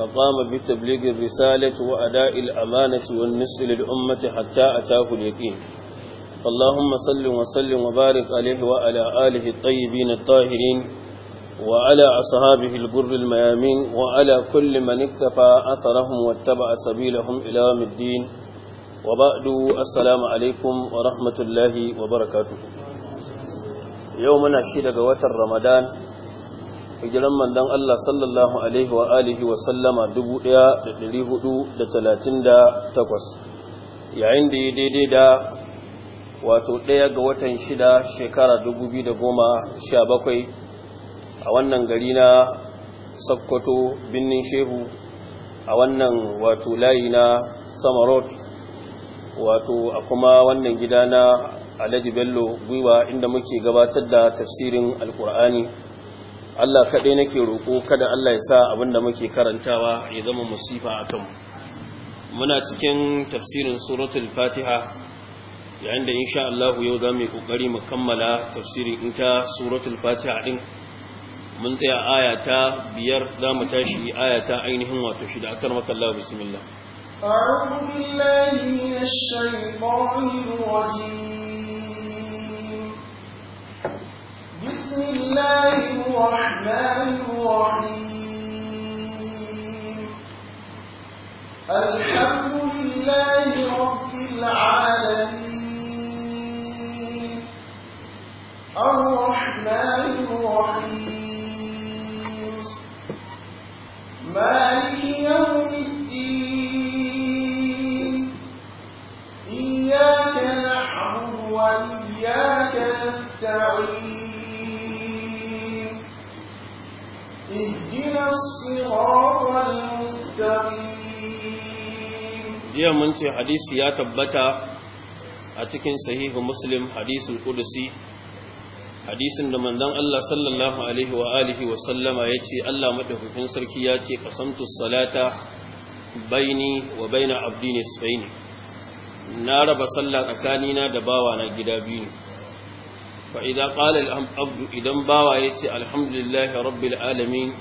فقام بتبليغ الرسالة وأداء الأمانة والنصر للأمة حتى أتاه اليقين اللهم صل وسلم وبارك عليه وعلى آله الطيبين الطاهرين وعلى أصحابه الجر الميامين وعلى كل من اكتفى أثرهم واتبع سبيلهم إلى يوم الدين وبعد السلام عليكم ورحمة الله وبركاته يومنا الشيء لقوة رمضان hijiran mandan Allah sallallahu alaihi wa alihi wa sallama 1438 yayin da ya daidai da wato ɗaya ga watan shida shekara goma sha bakwai, a wannan gari na sakkwato binnin shehu a wannan wato layi na samarot wato a kuma wannan gida na alaji bello gwiwa inda muke gabatar da tafsirin alkur'ani Allah kaɗai nake roƙo kada Allah ya sa abin da muke karantawa ya zama musifa a kanmu muna cikin tafsirin suratul fatiha yayin da insha Allah yau za mu yi ƙoƙari mu kammala tafsirin ita suratul Fatiha ɗin mun tsaya aya ta biyar za mu tashi aya ta ainihin wato shida akar maka Allah bismillah a'udhu billahi minash shaitanir rajim الرحمن الرحيم الحمد لله رب العالمين الرحمن الرحيم مالك يوم الدين إياك وإياك نستعين jiya mun ce hadisi ya tabbata a cikin sahihu muslim hadisul kudusi hadisin da manzon Allah sallallahu alaihi wa alihi wa sallama yace Allah madaukakin sarki yace qasamtu salata baini wa baina abdini nisfaini na raba sallah tsakanina da bawana gida biyu فإذا قال الأبد إذا باوى يسي الحمد لله رب العالمين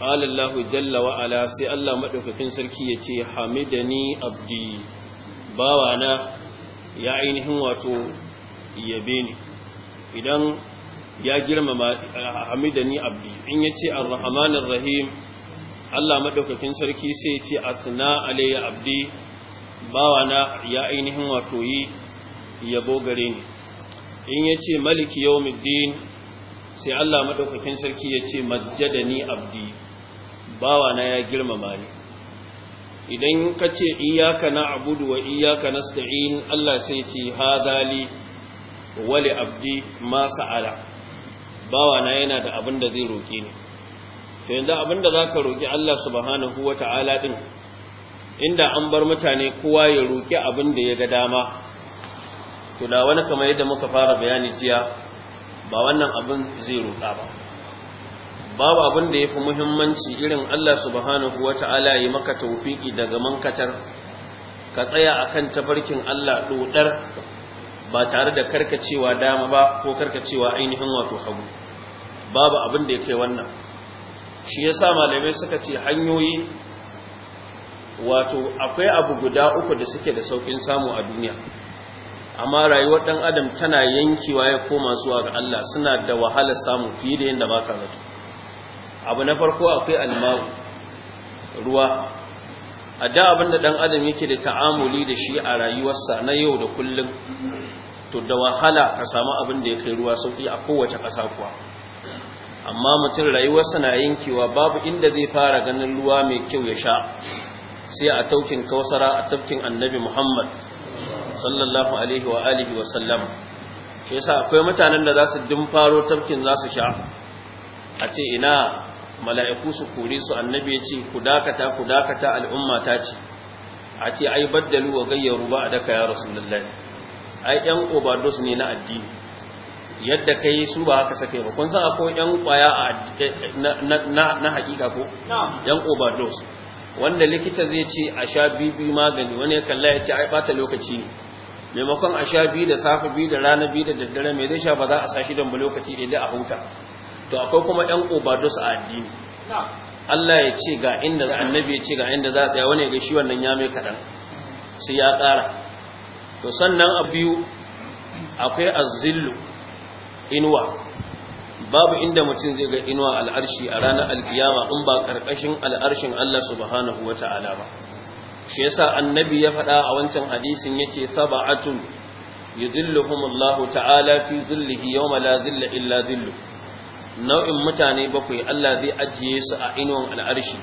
قال الله جل وعلا سي الله مدوكفين سركي حمدني أبدي باوانا يا عينهم واتو يبيني إذا ya girmama hamidani abdi in yace ar rahim Allah madaukakin sarki sai ya ce asna alayya abdi bawana ya ainihin wato yi yabo gare ni in ya ce maliki yau middin sai Allah maɗaukakin sarki ya ce majjadani abdi bawa ya girmama ni idan ka ce iyaka na abudu wa iyaka na sta'in Allah sai ce hadali wali abdi ma ala bawa yana da abin da zai roƙi ni to yanzu abin da za ka roƙi Allah subhanahu wa ta'ala ɗin inda an bar mutane kowa ya roƙi abin da ya ga dama to da wani kamar yadda muka fara bayani jiya ba wannan abin zai roƙa ba babu abin da fi muhimmanci irin Allah subhanahu wata'ala ya maka tawfiki daga mankatar ka tsaya akan tafarkin Allah dodar ba tare da karkacewa dama ba ko karkacewa ainihin wato hagu babu abin da ya kai wannan shi yasa malamai suka ce hanyoyi wato akwai abu guda uku da suke da saukin samu a duniya amma rayuwar ɗan adam tana yankewa ya koma zuwa ga Allah suna da wahala samu fiye da yanda baka zato abu na farko akwai alma'u ruwa a da abinda ɗan adam yake da ta'amuli da shi a rayuwarsa na yau da kullum to da wahala ka samu abin da ya kai ruwa sauki a kowace ƙasa kuwa amma mutum rayuwarsa na yankewa babu inda zai fara ganin ruwa mai kyau ya sha sai a taukin kawsara a tafkin annabi muhammad sallallahu alaihi wa alihi wa sallam shi yasa akwai mutanen da za su dimfaro tafkin za su sha a ce ina mala'iku su kore su annabi ya ce ku dakata ku dakata al'umma ta ce a ce ai baddalu wa gayyaru ba a daka ya rasulullahi ai yan obados ne na addini yadda kai su ba haka sake ba kun san akwai yan kwaya eh, eh, na hakika ko yan overdose wanda likita zai ce a sha bibi magani wani ya kalla ya ce ai bata lokaci ne maimakon a sha biyu da safe biyu da rana biyu da daddare mai zai sha ba za a sa shi ba lokaci da a huta to akwai kuma ɗan obadus a addini Allah ya ce ga inda annabi ya ce ga inda za a tsaya wani ga shi wannan ya mai kaɗan sai ya ƙara to sannan a biyu akwai azillu inuwa babu inda mutum zai ga inuwa al'arshi a ranar alkiyama in ba ƙarƙashin al'arshin Allah subhanahu wa ta'ala ba shi yasa annabi ya faɗa a wancan hadisin yace sab'atun yudilluhumullahu ta'ala fi zillihi yawma la zilla illa zillu. nau'in mutane bakwai Allah zai ajiye su a inuwan al'arshi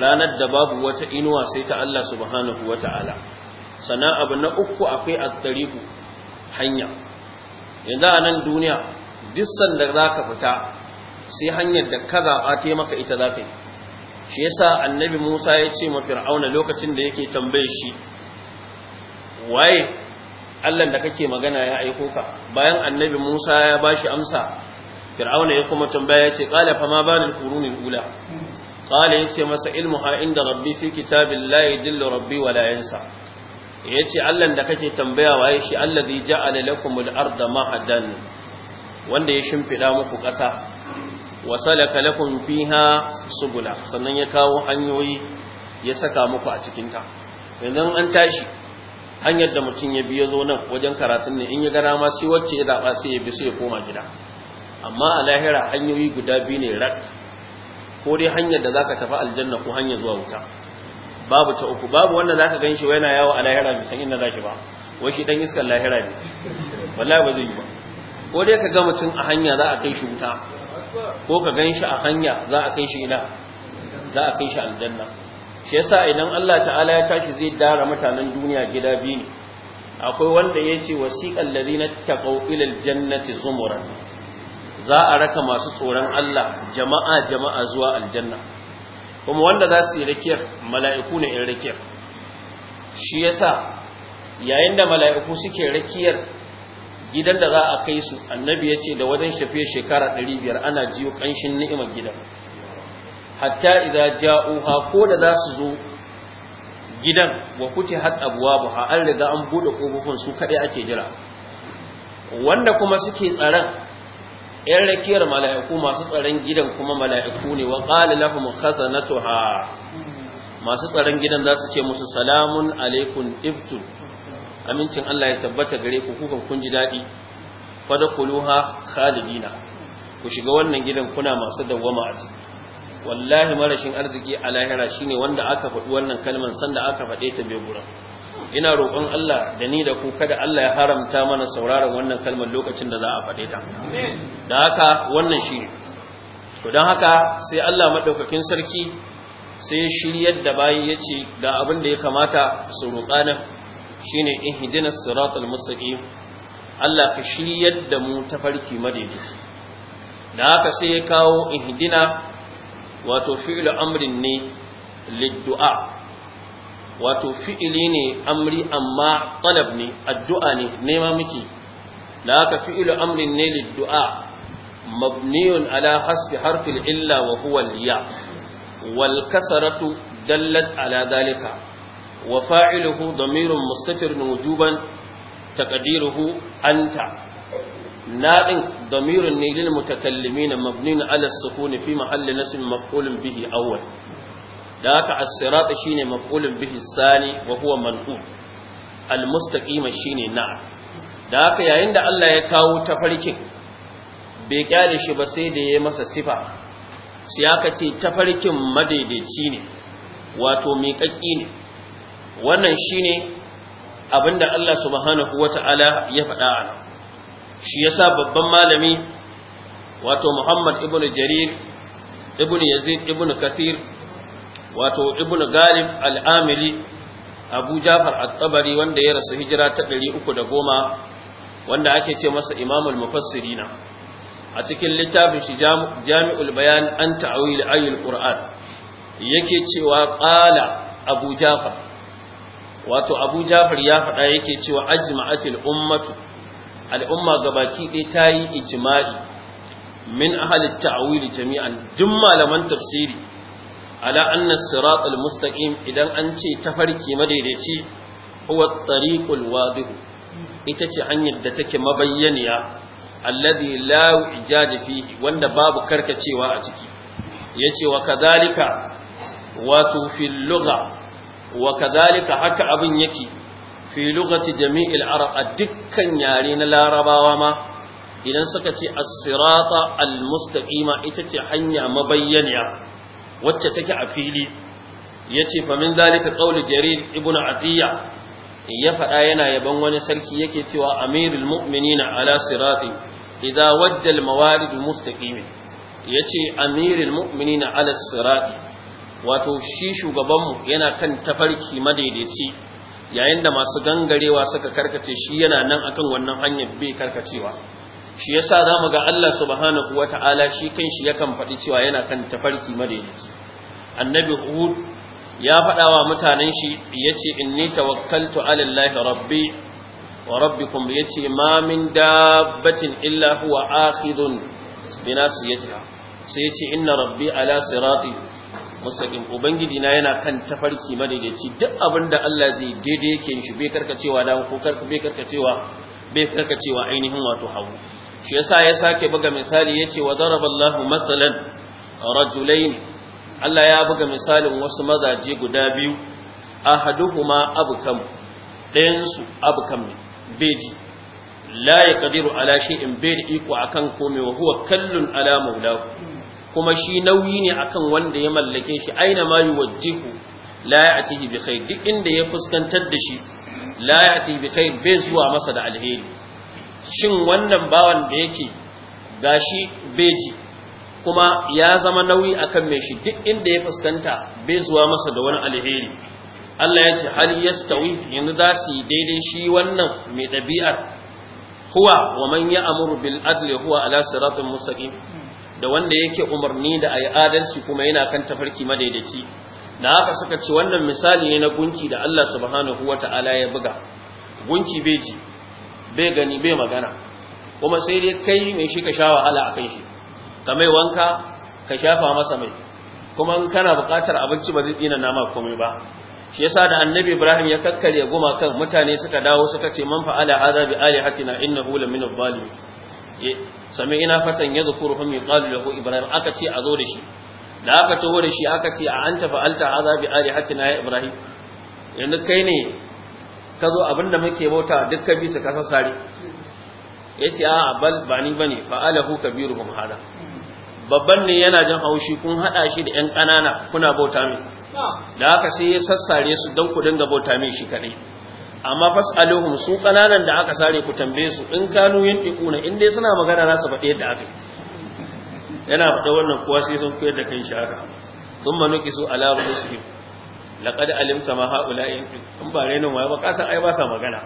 ranar da babu wata inuwa sai ta Allah subhanahu wata'ala sana abu na uku akwai at-tariqu hanya yanzu a nan duniya duk sanda zaka fita sai hanyar da ka zaba taimaka ita zaka yi shi yasa annabi Musa ya ce ma Fir'auna lokacin da yake tambaye shi waye Allah da kake magana ya aiko ka bayan annabi Musa ya bashi amsa Fir'auna ya kuma tambaya ya ce qala fa ma balul qurunil ula qala yace masa ilmuha inda rabbi fi kitabillahi yadillu rabbi wa la yansa yace Allah da kake tambaya waye shi Allah allazi ja'ala lakumul arda mahadan wanda ya shimfida muku ƙasa wasalaka lakum fiha subula sannan ya kawo hanyoyi ya saka muku a cikin ta an tashi hanyar da mutum ya biyo zo nan wajen karatun ne in ya gara ma sai wacce ya zaba sai ya bi sai ya koma gida amma a lahira hanyoyi guda biyu ne rak ko dai hanyar da zaka tafi aljanna ko hanyar zuwa wuta babu ta uku babu wanda zaka ganshi shi yana yawo a lahira bi san inda zaki ba wai shi dan iskar lahira ne wallahi ba zai yi ba ko dai ka ga mutum a hanya za a kai shi wuta ko ka gan shi a hanya za a kai shi ina za a kai shi aljanna shi yasa idan Allah ta'ala ya tashi zai dara mutanen duniya gida biyu ne akwai wanda ya ce wasiƙan ladina taqaw ila aljannati zumuran za a raka masu tsoron Allah jama'a jama'a zuwa aljanna kuma wanda za su yi rakiyar mala'iku ne in rakiyar shi yasa yayin da mala'iku suke rakiyar gidan da za a kai su annabi ya ce da wajen shafe shekara 500 ana jiyo kanshin ni'imar gidan hatta idan ja'uha ko da za su zo gidan wa kuke hat abuwa buha an riga an buɗe kofofin su kaɗai ake jira wanda kuma suke tsaron ‘yan rakiyar mala'iku masu tsaron gidan kuma mala'iku ne wa qala lahum khazanatuha masu tsaron gidan za su ce musu salamun alaikun ibtu amincin Allah ya tabbata gare ku kuka kun ji daɗi kuluha khalidina ku shiga wannan gidan kuna masu dawwama a ciki wallahi marashin arziki a lahira shine wanda aka faɗi wannan kalmar sanda aka faɗe ta bai gura. ina roƙon Allah da ni da ku kada Allah ya haramta mana sauraron wannan kalmar lokacin da za a faɗe ta da haka wannan shi to don haka sai Allah madaukakin sarki sai shiryar da bayi yace ga abin da ya kamata su roƙa nan shine ihdinas siratal mustaqim Allah ka shiryar da mu tafarki madaidaici da haka sai ya kawo ihdina wato fi'lu amrin ne liddu'a wato fi'ili ne amri amma talab ne addu'a ne nema miki da haka fi'lu amrin ne liddu'a mabniyun ala hasbi harfil illa wa huwa al wal kasratu dallat ala dalika wa fa'iluhu damirun mustatirun wujuban taqdiruhu anta nadin damirun ne lil mutakallimin mabnin ala as-sukun fi mahalli nasb bihi awwal da haka as-sirat shine maf'ulun bihi sani wa huwa manqul al-mustaqim shine na'am da haka yayin da Allah ya kawo tafarkin bai kyale shi ba sai da ya masa sifa sai aka ce tafarkin madaidaici ne wato miƙaƙƙi ne wannan shine abinda Allah subhanahu Ta'ala, ya faɗa a nan shi yasa babban malami wato Muhammad ibn Jarir ibn Yazid ibn Kathir wato ibn Galib al-Amili Abu Jafar at-Tabari wanda ya rasu hijira ta 310 wanda ake ce masa Imamul Mufassirina a cikin littafin shi Jami'ul Bayan an ta'awil ayul Qur'an yake cewa ƙala Abu Jafar wato abu jafar ya faɗa yake cewa ajma'atil ummatu al'umma gabaki ɗaya ta yi ijma'i min ahalit ta'awili jami'an duk malaman tafsiri ala anna sirat al-mustaqim idan an ce tafarki madaidaici huwa at-tariqul wadih ita ce hanyar da take mabayyaniya alladhi la ijad fihi wanda babu karkacewa a ciki yace wa kadhalika wato fil lugha wa kadhalika haka abin yake fi lughati jami'il arab a dukkan yare na larabawa ma idan saka ce a sirata al-mustaqima ita ce hanya mabayyaniya wacce take a fili yace fa min zalika qawlu jarir ibn atiya ya faɗa yana yabon wani sarki yake cewa amirul mu'minina ala sirati idza wajja al-mawarid mustaqim yace amirul mu'minina ala sirati wato shi shugabanmu yana kan tafarki madaidaici yayin da masu gangarewa suka karkace shi yana nan akan wannan hanyar bai karkacewa shi yasa zamu ga Allah subhanahu wata'ala shi kanshi yakan faɗi cewa yana kan tafarki madaidaici annabi Uhud ya faɗa wa mutanen shi yace inni tawakkaltu 'ala Allah rabbi wa rabbikum yace ma min dabbatin illa huwa akhidun bi nasiyatiha sai yace inna rabbi ala sirati mustaqim ubangiji na yana kan tafarki madaidaici duk abin da Allah zai daidai yake shi bai karkacewa da ko karku bai karkacewa bai karkacewa ainihin wato hawo shi yasa ya sake buga misali yace wa daraballahu masalan rajulain Allah ya buga misalin wasu mazaje guda biyu ahaduhuma abkam ɗayan su abkam ne beji la yaqdiru ala shay'in bai iko akan komai wa huwa kallun ala mawlahu kuma shi nauyi ne akan wanda ya mallake shi aina ma yuwajjihu la ya'tihi bi khair duk inda ya fuskantar da shi la ya'tihi bi khair bai zuwa masa da alheri shin wannan bawan da yake gashi ji kuma ya zama nauyi akan mai shi duk inda ya fuskanta bai zuwa masa da wani alheri Allah ya ce hal yastawi yanzu za su yi daidai shi wannan mai ɗabi'ar huwa wa man ya'muru bil adli huwa ala siratin mustaqim da wanda yake umarni da ayi adalci kuma yana kan tafarki madaidaici da haka suka ce wannan misali ne na gunki da Allah subhanahu wata'ala ya buga gunki bai ji bai gani bai magana kuma sai dai kai mai shi ka sha wahala akan shi ka mai wanka ka shafa masa mai kuma in kana buƙatar abinci ba zai dina nama komai ba shi yasa da annabi ibrahim ya kakkare goma kan mutane suka dawo suka ce man fa'ala hadha bi alihatina innahu lamin adh-dhalimin sami ina fatan ya zukuru hum yuqalu lahu ibrahim aka ce a zo da shi da aka taho da shi aka ce a anta fa'alta hadha Ali alihatina ya ibrahim yanzu kai ne ka zo abinda muke bauta duk bisa bi su ka sassare yace a bal ba ni bane Kabiru kabiruhum hada babban ne yana jan haushi kun haɗa shi da yan kanana kuna bauta mai da aka sai ya sassare su don ku dinga bauta min shi kadai amma fas'aluhum su kananan da aka sare ku tambaye su in kanu yin ikuna, in dai suna magana za su faɗi yadda aka yana faɗa wannan kuwa sai sun koyar da kan shi haka thumma su ala rusulihim laqad alimta ma haula'i in ba renin waye ba kasan ai ba sa magana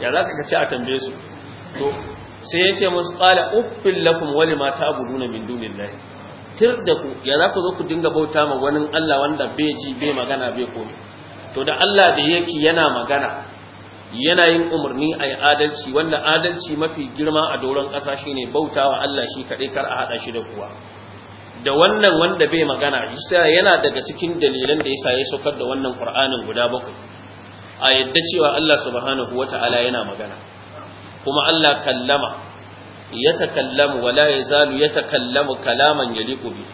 ya za ka ce a tambaye su to sai ya ce musu qala uffil lakum wa lima ta'buduna min dunillahi tir ku ya za ku zo ku dinga bauta ma wani Allah wanda bai ji bai magana bai komai to da Allah da yake yana magana yana yin umarni a yi adalci wanda adalci mafi girma a doron ƙasa shine bautawa Allah shi kaɗai kar a haɗa shi da kuwa da wannan wanda bai magana isa yana daga cikin dalilan da yasa ya saukar da wannan Qur'anin guda bakwai a yadda cewa Allah subhanahu wata'ala yana magana kuma Allah kallama yatakallamu wala yazalu yatakallamu kalaman yaliqu bi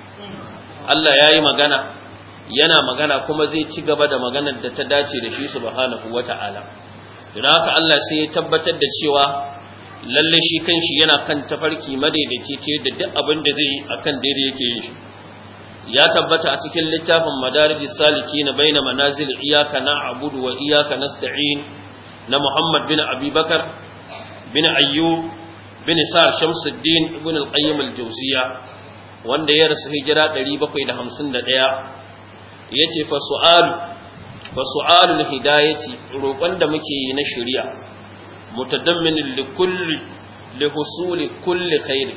Allah yayi magana yana magana kuma zai ci gaba da maganar da ta dace da shi subhanahu wata'ala don haka Allah sai ya tabbatar da cewa lalle shi kanshi yana kan tafarki madaidaici ce da duk abin da zai akan daidai yake yin shi ya tabbata a cikin littafin madarijis na baina manazil iyyaka na'budu wa iyyaka nasta'in na Muhammad bin Abubakar bin Ayyub bin Sa Shamsuddin ibn al-Qayyim al jawziya wanda ya rasu hijira 751 yace fa su'alu fa su'alul hidayati roƙon da muke yi na shari'a mutadammin li kulli li kulli khair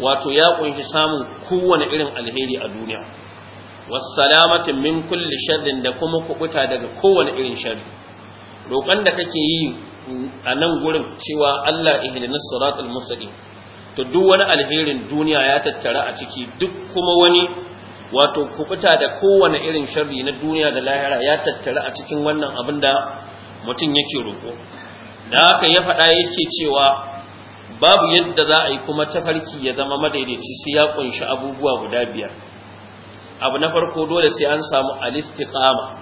wato ya kunshi samun kowane irin alheri a duniya wassalamati min kulli sharrin da kuma kubuta daga kowane irin sharri roƙon da kake yi a nan gurin cewa Allah ihdinas siratal mustaqim to duk wani alherin duniya ya tattara a ciki duk kuma wani wato kubuta da kowane irin sharri na duniya da lahira ya tattara a cikin wannan abin da mutum yake roƙo da haka ya faɗa yake cewa babu yadda za a yi kuma tafarki ya zama madaidaici sai ya ƙunshi abubuwa guda biyar abu na farko dole sai an samu alistiqama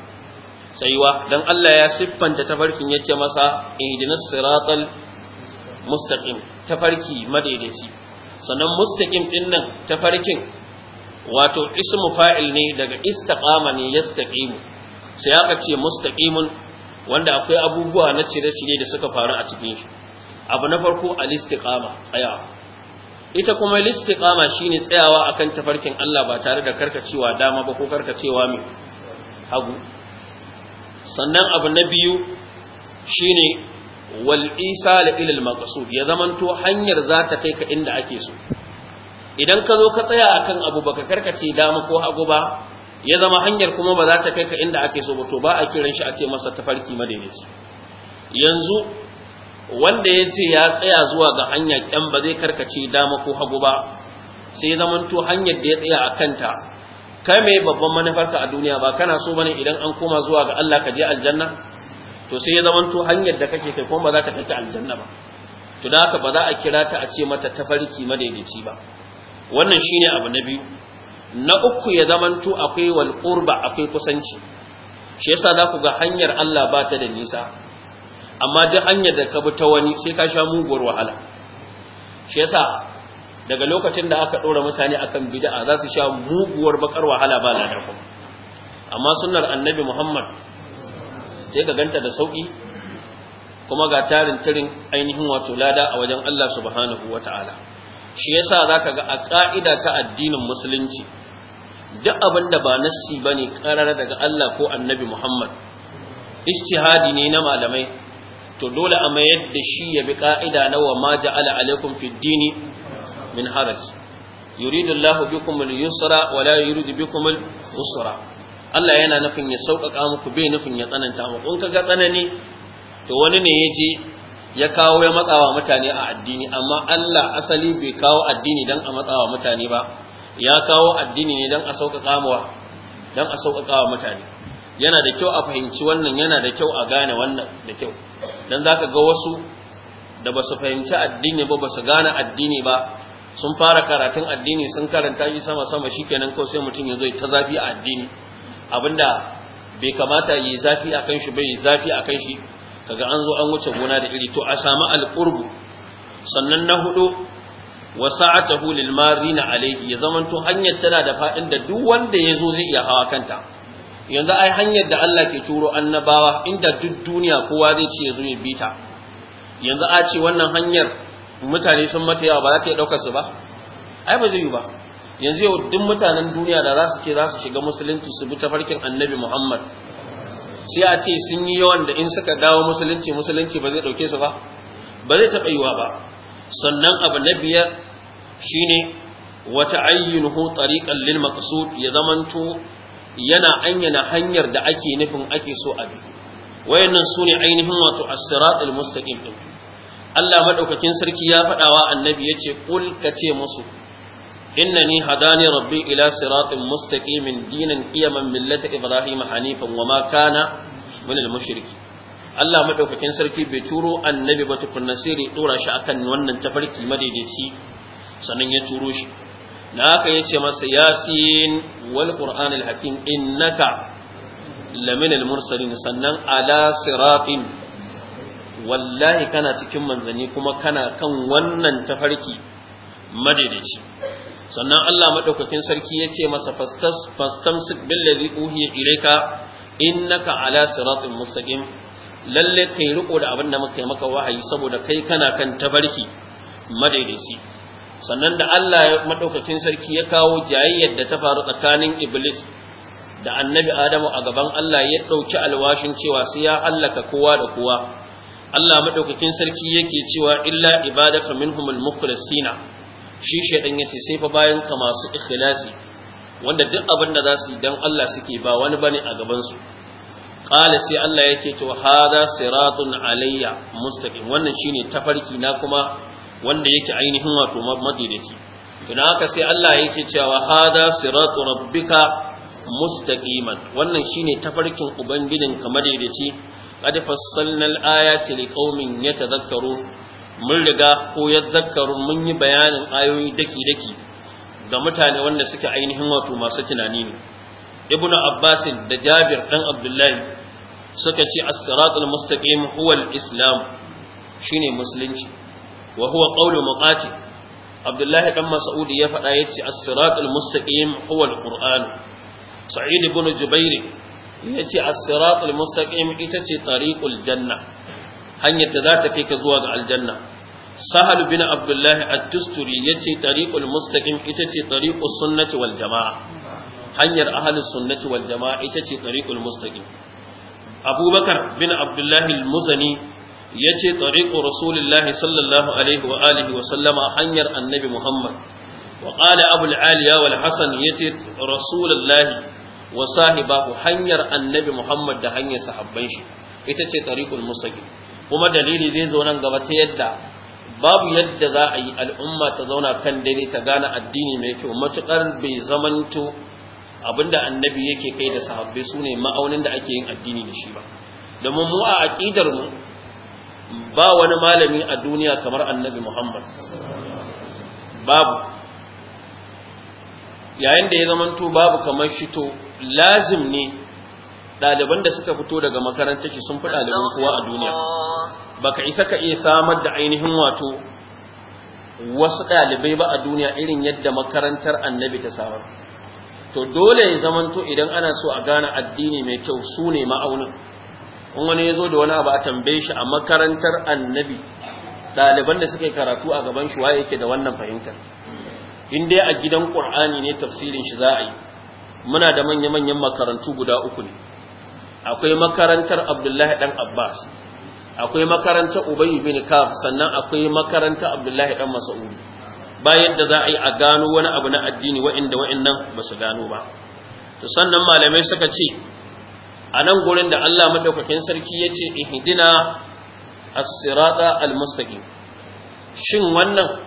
saiwa dan Allah ya siffanta tafarkin yake masa ihdinas siratal mustaqim tafarki madaidaici sannan mustaqim din nan tafarkin wato ismu fa'il ne daga istaqama ne ya sai aka ce mustaqimun wanda akwai abubuwa na cire-cire da suka faru a cikin shi abu na farko a istiqama tsayawa ita kuma al shi shine tsayawa akan tafarkin Allah ba tare da karkacewa dama ba ko karkacewa mai hagu sannan abu na biyu shine wal isal ila al maqsud ya zamanto hanyar za ta kai ka inda ake so idan ka zo ka tsaya a kan abu baka karkace dama ko hagu ba ya zama hanyar kuma ba za ta kai ka inda ake so ba to ba a kiran shi a ce masa tafarki madaidaici yanzu wanda ya ce ya tsaya zuwa ga hanya kyan ba zai karkace dama ko hagu ba sai zama to hanyar da ya tsaya a kanta kai mai babban manufarka a duniya ba kana so bane idan an koma zuwa ga Allah ka je aljanna to sai ya zama to hanyar da kake kai kuma ba za ta kai ka aljanna ba to da haka ba za a kira ta a ce mata tafarki madaidaici ba wannan shine abu na biyu na uku ya zamanto akwai wal qurba akwai kusanci shi yasa za ku ga hanyar Allah ba ta da nisa amma duk hanyar da ka bi ta wani sai ka sha muguwar wahala shi yasa daga lokacin da aka ɗora mutane akan bid'a za su sha muguwar bakar wahala ba lada ku. amma sunnar annabi Muhammad sai ka ganta da sauki kuma ga tarin tirin ainihin wato lada a wajen Allah subhanahu wata'ala shi yasa zaka ga a ka'ida ta addinin musulunci duk abin da ba nassi bane karar daga Allah ko Annabi Muhammad ijtihadi ne na malamai to dole a mayar da shi ya bi ka'ida na wa ma ja'ala alaikum fid dini min haraj yuridu Allahu bikum al-yusra wa la yuridu bikum al-usra Allah yana nufin ya sauƙaƙa muku bai nufin ya tsananta muku in kaga tsanani to wani ne ya je ya kawo ya matsawa mutane a addini amma Allah asali bai kawo addini dan a matsawa mutane ba ya kawo addini ne dan a sauƙaƙa wa dan a sauƙaƙa mutane yana da kyau a fahimci wannan yana da kyau a gane wannan da kyau dan zaka ga wasu da basu fahimci addini ba basu gane addini ba sun fara karatun addini sun karanta shi sama sama shikenan ko sai mutum ya zo ta zafi a addini abinda bai kamata yi zafi akan shi bai zafi akan shi kaga an zo an wuce gona da iri to a sami alqurbu sannan na hudu wa sa'atahu lil marina alayhi ya zaman zamanto hanyar tana da fadin da duk wanda ya zo zai iya hawa kanta yanzu ai hanyar da Allah ke turo annabawa inda duk duniya kowa zai ce yazo ya ta. yanzu a ce wannan hanyar mutane sun mata yawa ba za ta iya su ba ai ba zai yi ba yanzu yau duk mutanen duniya da za su ce za su shiga musulunci su bi ta farkin annabi Muhammad sai a ce sun yi yawan da in suka dawo musulunci musulunci ba zai ɗauke su ba ba zai taɓa yiwa ba sannan abu na biyar shine wata ayyunuhu tariqan lil maqsud ya zamanto yana anyana hanyar da ake nufin ake so a bi wayannan ne ainihin wato as al mustaqim din Allah madaukakin sarki ya faɗawa annabi yace kul kace musu innani hadani Rabi ila siratin mustaqimin dinan qiyaman millata ibrahim hanifan wama kana min al Allah madaukakin sarki bai turo annabi ba tukunna sai ya dora shi akan wannan tafarki madaidaici sannan ya turo shi na haka ce masa yasin wal qur'anil hakim innaka lamin al-mursalin sannan ala siratin wallahi kana cikin manzanni kuma kana kan wannan tafarki madaidaici sannan Allah madaukakin sarki ya ce masa fastamsik billazi uhiya ilayka innaka ala siratin mustaqim lalle kai riko da abin da muka yi maka wahayi saboda kai kana kan tabarki madaidaici sannan da Allah madaukakin sarki ya kawo jayayyar da ta faru tsakanin iblis da annabi adamu a gaban Allah ya dauki alwashin cewa sai ya hallaka kowa da kowa Allah madaukakin sarki yake cewa illa ibadaka minhumul mukhlasina shi shaidan yace sai fa bayan ka masu ikhlasi wanda duk abin da za su yi dan Allah suke ba wani bane a gabansu. ƙala sai Allah yake to hada siratun alayya mustaqim wannan shine tafarki na kuma wanda yake ainihin wato madidaci Ina haka sai Allah yake cewa hada siratu rabbika mustaqiman wannan shine tafarkin ubangijin kamar yadda ce qad fassalna al-ayati liqaumin yatadhakkarun mun riga ko ya zakaru mun yi bayanin ayoyi daki-daki ga mutane wanda suke ainihin wato masu tunani ne ibn abbasin da jabir dan abdullahi suka ce as-siratul mustaqim huwa al-islam shine musulunci wa huwa qawlu muqati abdullahi dan mas'ud ya faɗa yace as-siratul mustaqim huwa al-qur'an sa'id ibn jubair yace as-siratul mustaqim ita ce tariqul janna hanyar da za ta kai ka zuwa ga aljanna sahal bin abdullahi at-tusturi yace tariqul mustaqim ita ce tariqus sunnati wal jamaa hanyar ahlus sunnati wal jamaa ita ce tariqul mustaqim abubakar bin abdullahi al-muzani yace tariqu rasulillahi sallallahu alaihi wa alihi wa sallama hanyar annabi muhammad wa qala abul aliya wal hasan yace rasulullahi wa sahibahu hanyar annabi muhammad da hanyar sahabban shi ita ce tariqul mustaqim kuma dalili zai zo nan gaba ta yadda babu yadda za a yi al'umma ta zauna kan dare ta gane addini mai kyau matukar bai zamanto abinda annabi yake kai da sahabbai sune ma'aunin da ake yin addini da shi ba domin mu a aqidar mu ba wani malami a duniya kamar annabi Muhammad babu yayin da ya zamanto babu kamar shi lazim ne ɗaliban da suka fito daga makarantar ki sun fi ɗaliban kowa a duniya baka isa ka iya samar da ainihin wato wasu ɗalibai ba a duniya irin yadda makarantar annabi ta samar to dole ya zamanto idan ana so a gane addini mai kyau su ne ma'aunin in wani ya zo da wani abu a tambaye shi a makarantar annabi ɗaliban da suke karatu a gaban shi waye yake da wannan fahimtar in dai a gidan ƙur'ani ne tafsirin shi za a yi muna da manya-manyan makarantu guda uku ne akwai makarantar abdullahi dan abbas akwai makarantar ubay bin kaf sannan akwai makarantar abdullahi dan mas'ud bayan da za a yi a gano wani abu na addini wa'inda wa'innan ba su gano ba to sannan malamai suka ce a nan gurin da Allah madaukakin sarki ya ce ihdina as-sirata al-mustaqim shin wannan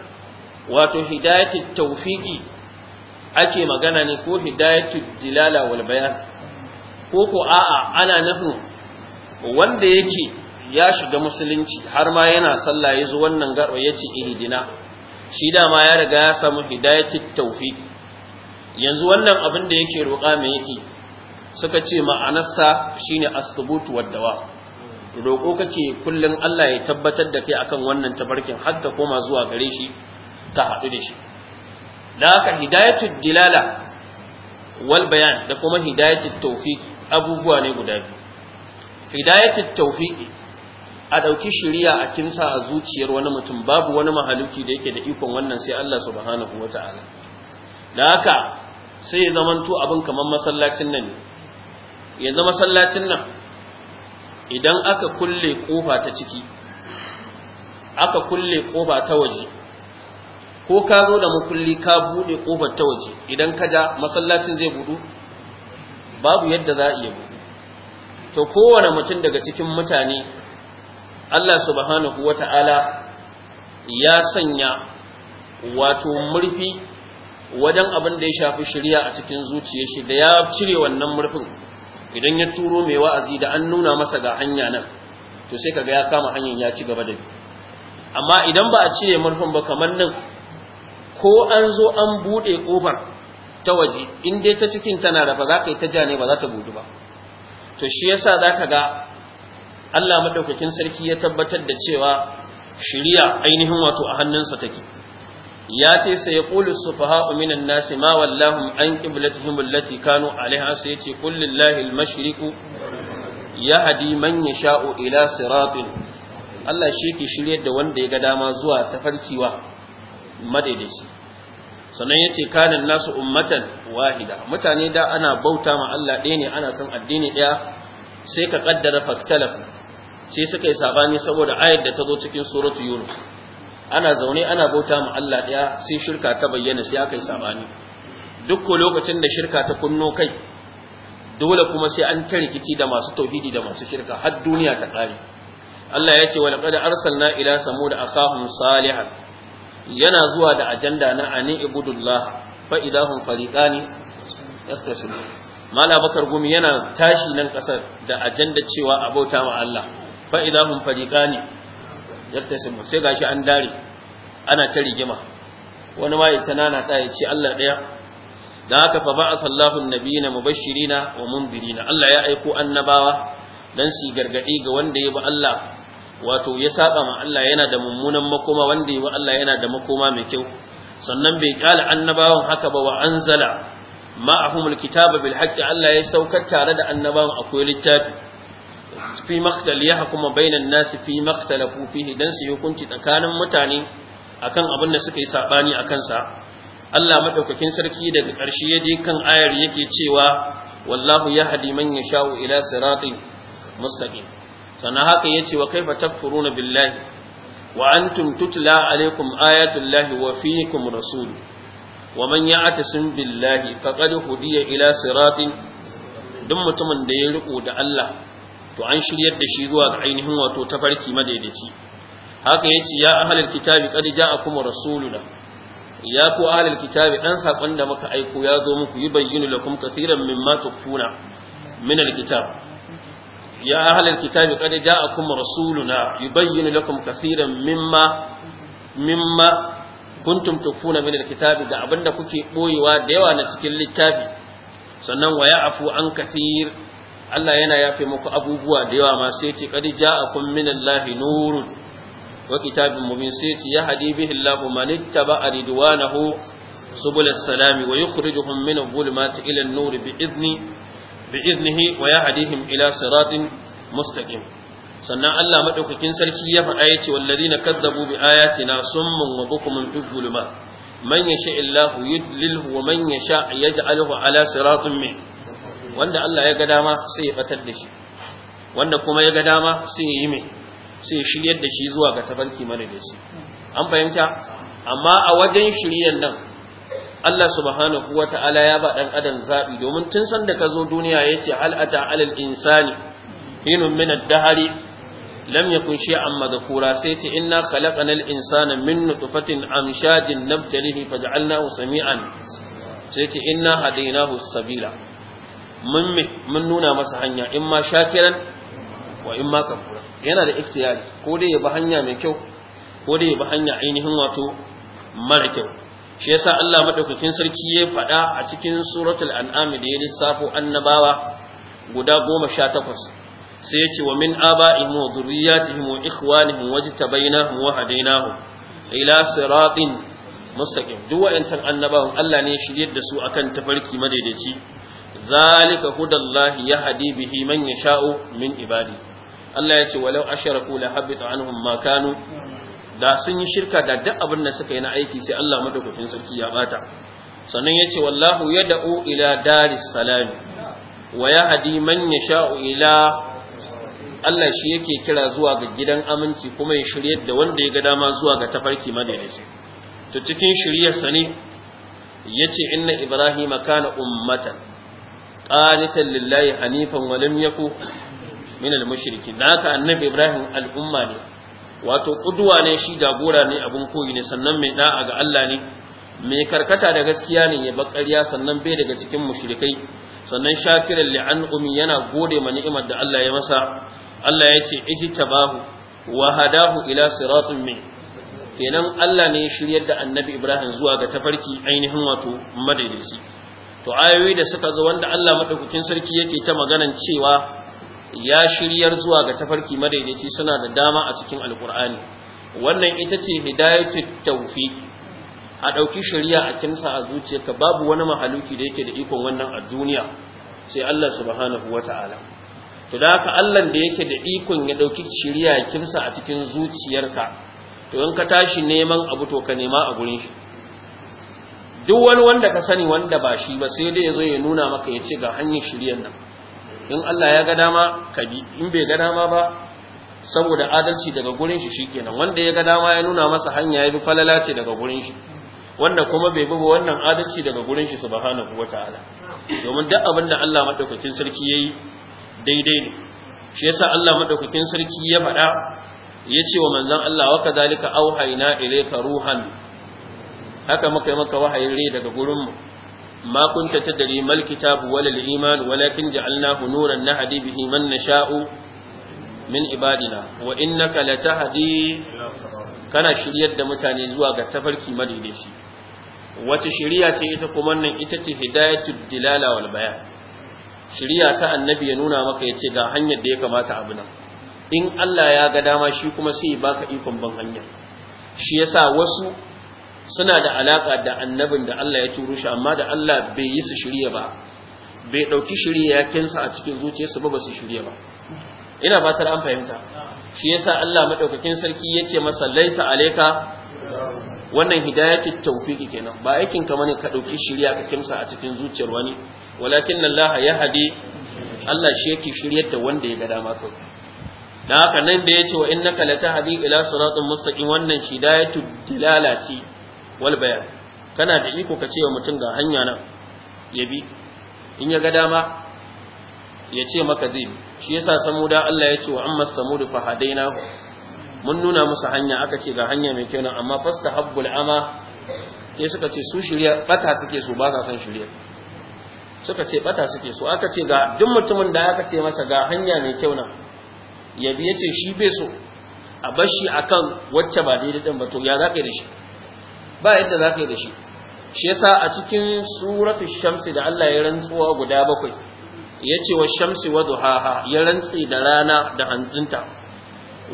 wato hidayatul tawfiqi ake magana ne ko hidayatul dilala wal bayan ko ko a'a ana nufin wanda yake ya shiga musulunci har ma yana sallah yazo wannan garo yace ihdina shi dama ya riga ya samu hidayatit tawfiq yanzu wannan abin da yake roƙa me yake suka ce ma'anarsa shine as-subut wad-dawa roƙo kake kullun Allah ya tabbatar da kai akan wannan tabarkin har ta koma zuwa gare shi ta haɗu da shi da haka hidayatul dilala wal bayan da kuma hidayatul tawfiq abubuwa ne guda biyu hidayatul tawfiqi a ɗauki shiriya a kinsa a zuciyar wani mutum babu wani mahaluki da yake da ikon wannan sai Allah subhanahu wata'ala da haka sai ya zamanto abin kamar masallacin nan ya zama masallacin nan idan aka kulle kofa ta ciki aka kulle kofa ta waje ko ka zo da makulli ka bude kofar ta waje idan ka ja masallacin zai budu babu yadda za a iya gudu to kowane mutum daga cikin mutane Allah subhanahu wata'ala ya sanya wato murfi wajen abin da ya shafi shirya a cikin zuciyar shi da ya cire wannan murfin idan ya turo mai wa'azi da an nuna masa ga hanya nan to sai kaga ya kama hanyar ya ci gaba da bi amma idan ba a cire murfin ba kamar nan ko an zo an buɗe ƙofar ta waje in dai ta cikin tana rafa za ka yi ta ja ne ba za ta budu ba to shi yasa za ka ga Allah madaukakin sarki ya tabbatar da cewa shiriya ainihin wato a hannunsa take ya ce sai ya qulu sufaha'u minan nasi ma wallahu an qiblatuhum allati kanu alaiha sai yace ce kullillahi almashriqu mashriqu yahdi man yasha'u ila siratin Allah shi yake shiryar da wanda ya ga dama zuwa tafarkiwa madaidaici sannan yace kana nasu ummatan wahida mutane da ana bauta ma Allah ɗaya ne ana son addini ɗaya sai ka kaddara faktalafu sai suka yi sabani saboda ayar da ta zo cikin suratu yunus ana zaune ana bauta ma Allah ɗaya sai shirka ta bayyana sai aka yi sabani duk ko lokacin da shirka ta kunno kai dole kuma sai an ta rikici da masu tauhidi da masu shirka har duniya ta ƙare Allah ya ce wa laqad arsalna ila samud akahum salihan yana zuwa da ajanda na ani ibudullah fa idahum fariqani yaktasibu mala bakar gumi yana tashi nan kasar da ajanda cewa abota wa Allah fa idahum fariqani yaktasibu sai gashi an dare ana ta rigima wani ma ya tanana ta yace Allah daya da haka fa ba'a sallahu nabiyina mubashirina wa mundirina Allah ya aiko annabawa dan su gargadi ga wanda ya bi Allah wato ya saba ma Allah yana da mummunan makoma wanda yi wa Allah yana da makoma mai kyau sannan bai kyala annabawan haka ba wa anzala ma'ahumul kitaba bil haqqi Allah ya saukar tare da annabawan akwai littafi fi maqtal yahkuma bainan nasi fi maktala fihi dan su hukunci tsakanin mutane akan abin da suka yi saɓani a kansa. Allah maɗaukakin sarki daga ƙarshe ya je kan ayar yake cewa wallahu Yahadi man sha'u ila siratin mustaqim sannan haka yace wa kaifa takfuruna billahi wa antum tutla alaikum ayatullahi wa fiikum rasul wa man ya'tasim billahi faqad hudiya ila siratin duk mutumin da ya riko da Allah to an shiryar da shi zuwa ga ainihin wato tafarki madaidaici haka yace ya ahlul kitabi qad ja'akum rasuluna ya ku ahlul kitabi dan sakon da muka aiko ya zo muku yi bayyinu lakum kaseeran mimma tukfuna min alkitab ya halar kitabi qad ja'akum rasuluna yubayyinu lakum kaseeran mimma mimma kuntum tukfuna kitabi da abinda kuke boyewa da yawa na cikin littafi sannan waya ya'fu an kaseer Allah yana yafe muku abubuwa da yawa ma sai ce qad ja'akum minallahi nurun wa kitabun mubin sai ya hadi bihi Allahu man ittaba'a ridwanahu subul as-salami wa yukhrijuhum min adh-dhulumati ila an-nur bi izni. bi'iznihi wa yahdihim ila siratin mustaqim sannan Allah maɗaukakin sarki ya faɗa yace wallazina kazzabu bi ayatina summun wa bukumun fi zuluma man yasha illahu yudlilhu wa man yasha yaj'aluhu ala siratin min wanda Allah ya ga dama sai ya batar da shi wanda kuma ya ga dama sai ya yi mai sai shiryar da shi zuwa ga tafarki mana da shi an fahimta amma a wajen shiryan nan Allah subhanahu wa ta'ala ya ba ɗan adam zaɓi domin tun san da ka zo duniya ya ce hal'ata alal insani hinun min ad-dahari lam yakun shay'an madhkura sai ce inna khalaqana al-insana min nutfatin amshajin nabtalihi faj'alnahu sami'an sai ce inna hadaynahu as-sabila mun me mun nuna masa hanya in ma shakiran wa in ma kafura yana da ikhtiyari ko dai ya bi hanya mai kyau ko dai ya bi hanya ainihin wato mara kyau shi yasa Allah madaukakin sarki ya faɗa a cikin suratul an'am da ya lissafo annabawa guda 18 sai yace wa min aba'ihim wa dhurriyyatihim wa ikhwanihim wajtabainahum wa hadainahum ila siratin mustaqim duk wayancan annabawan Allah ne shiryar da su akan tafarki madaidaici zalika hudallahi yahdi bihi man yasha'u min ibadi Allah ya ce walau asharaku la habita anhum ma kanu da sun yi shirka da duk abin da suka yi na aiki sai Allah madaukakin sarki ya bata sannan yace wallahu yad'u ila daris salam wa yahdi man yasha'u ila Allah shi yake kira zuwa ga gidan aminci kuma ya shiryar da wanda ya ga dama zuwa ga tafarki madaisi to cikin shiryarsa ne yace inna ibrahima kana ummatan qanitan lillahi hanifan wa lam yakun min al-mushrikin haka annabi ibrahim al-umma ne wato kuduwa ne shi jagora ne abin koyi ne sannan mai da'a ga Allah ne mai karkata da gaskiya ne ya bakariya sannan bai daga cikin mushrikai sannan shakirin li'an umi yana gode ma ni'imar da Allah ya masa Allah ya ce ijtabahu wa hadahu ila siratin min kenan Allah ne ya shiryar da annabi Ibrahim zuwa ga tafarki ainihin wato madaidaici to ayoyi da suka zo wanda Allah madaukakin sarki yake ta maganan cewa ya shiryar zuwa ga tafarki madaidaici suna da dama a cikin alkur'ani wannan ita ce hidayatul tawfiq a dauki shari'a a sa a zuciyarka babu wani mahaluki da yake da ikon wannan a duniya sai Allah subhanahu wataala to da haka Allah da yake da ikon ya dauki shari'a cikin sa a cikin zuciyarka to in ka tashi neman abu to ka nema a gurin shi duk wani wanda ka sani wanda ba shi ba sai dai ya zo ya nuna maka ya ce ga hanyar shari'ar nan in Allah ya ga dama ka bi in bai ga dama ba saboda adalci daga gurin shi shikenan wanda ya ga dama ya nuna masa hanya ya bi falala ce daga gurin shi wanda kuma bai bi wannan adalci daga gurin shi subhanahu wataala domin duk abin da Allah madaukakin sarki yayi daidai ne shi yasa Allah madaukakin sarki ya faɗa ya ce wa manzon Allah wa kadalika auhayna ilayka ruhan haka muka yi maka wahayin rai daga gurin mu ما كنت تدري ما الكتاب ولا الإيمان ولكن جعلناه نورا نهدي به من نشاء من عبادنا وإنك لتهدي كان شريعة دمتاني زواغ تفركي مدهدشي وتشريعة إتقمان إتت هداية الدلالة والبيان شريعة النبي نونا مكا يتدى هنيا ديك ما تعبنا إن الله يا قداما شيكم سيباك إيكم بغنية هنيا شيسا وسو suna da alaka da annabin da Allah ya turo shi amma da Allah bai yi su shirye ba bai dauki shirye ya kinsa a cikin zuciyarsu ba ba su shirye ba ina fatar an fahimta shi yasa Allah madaukakin sarki yace masa laisa alayka wannan hidayatul tawfiqi kenan ba aikin ka bane ka dauki shirye ka kinsa a cikin zuciyar wani walakin Allah ya hadi Allah shi yake shiryar da wanda ya ga dama kai dan haka nan da yace wa innaka latahdi ila siratin mustaqim wannan hidayatul dilalati wal bayan kana da iko ka ce wa mutum ga hanya nan ya bi in ya ga dama ya ce maka zai bi shi yasa samuda Allah ya ce wa amma samudu fa hadaina mun nuna musu hanya aka ce ga hanya mai kyau nan amma fasta habbul ama ke suka ce su shirya bata suke so ba sa son shirya suka ce bata suke so aka ce ga duk mutumin da aka ce masa ga hanya mai kyau nan ya bi ya ce shi bai so a bar shi akan wacce ba daidai din ba to ya zaka da shi ba yadda za ka yi da shi shi yasa a cikin suratu shamsi da Allah ya rantsuwa guda bakwai ya ce wa shamsi wa duhaha ya rantsi da rana da hantsinta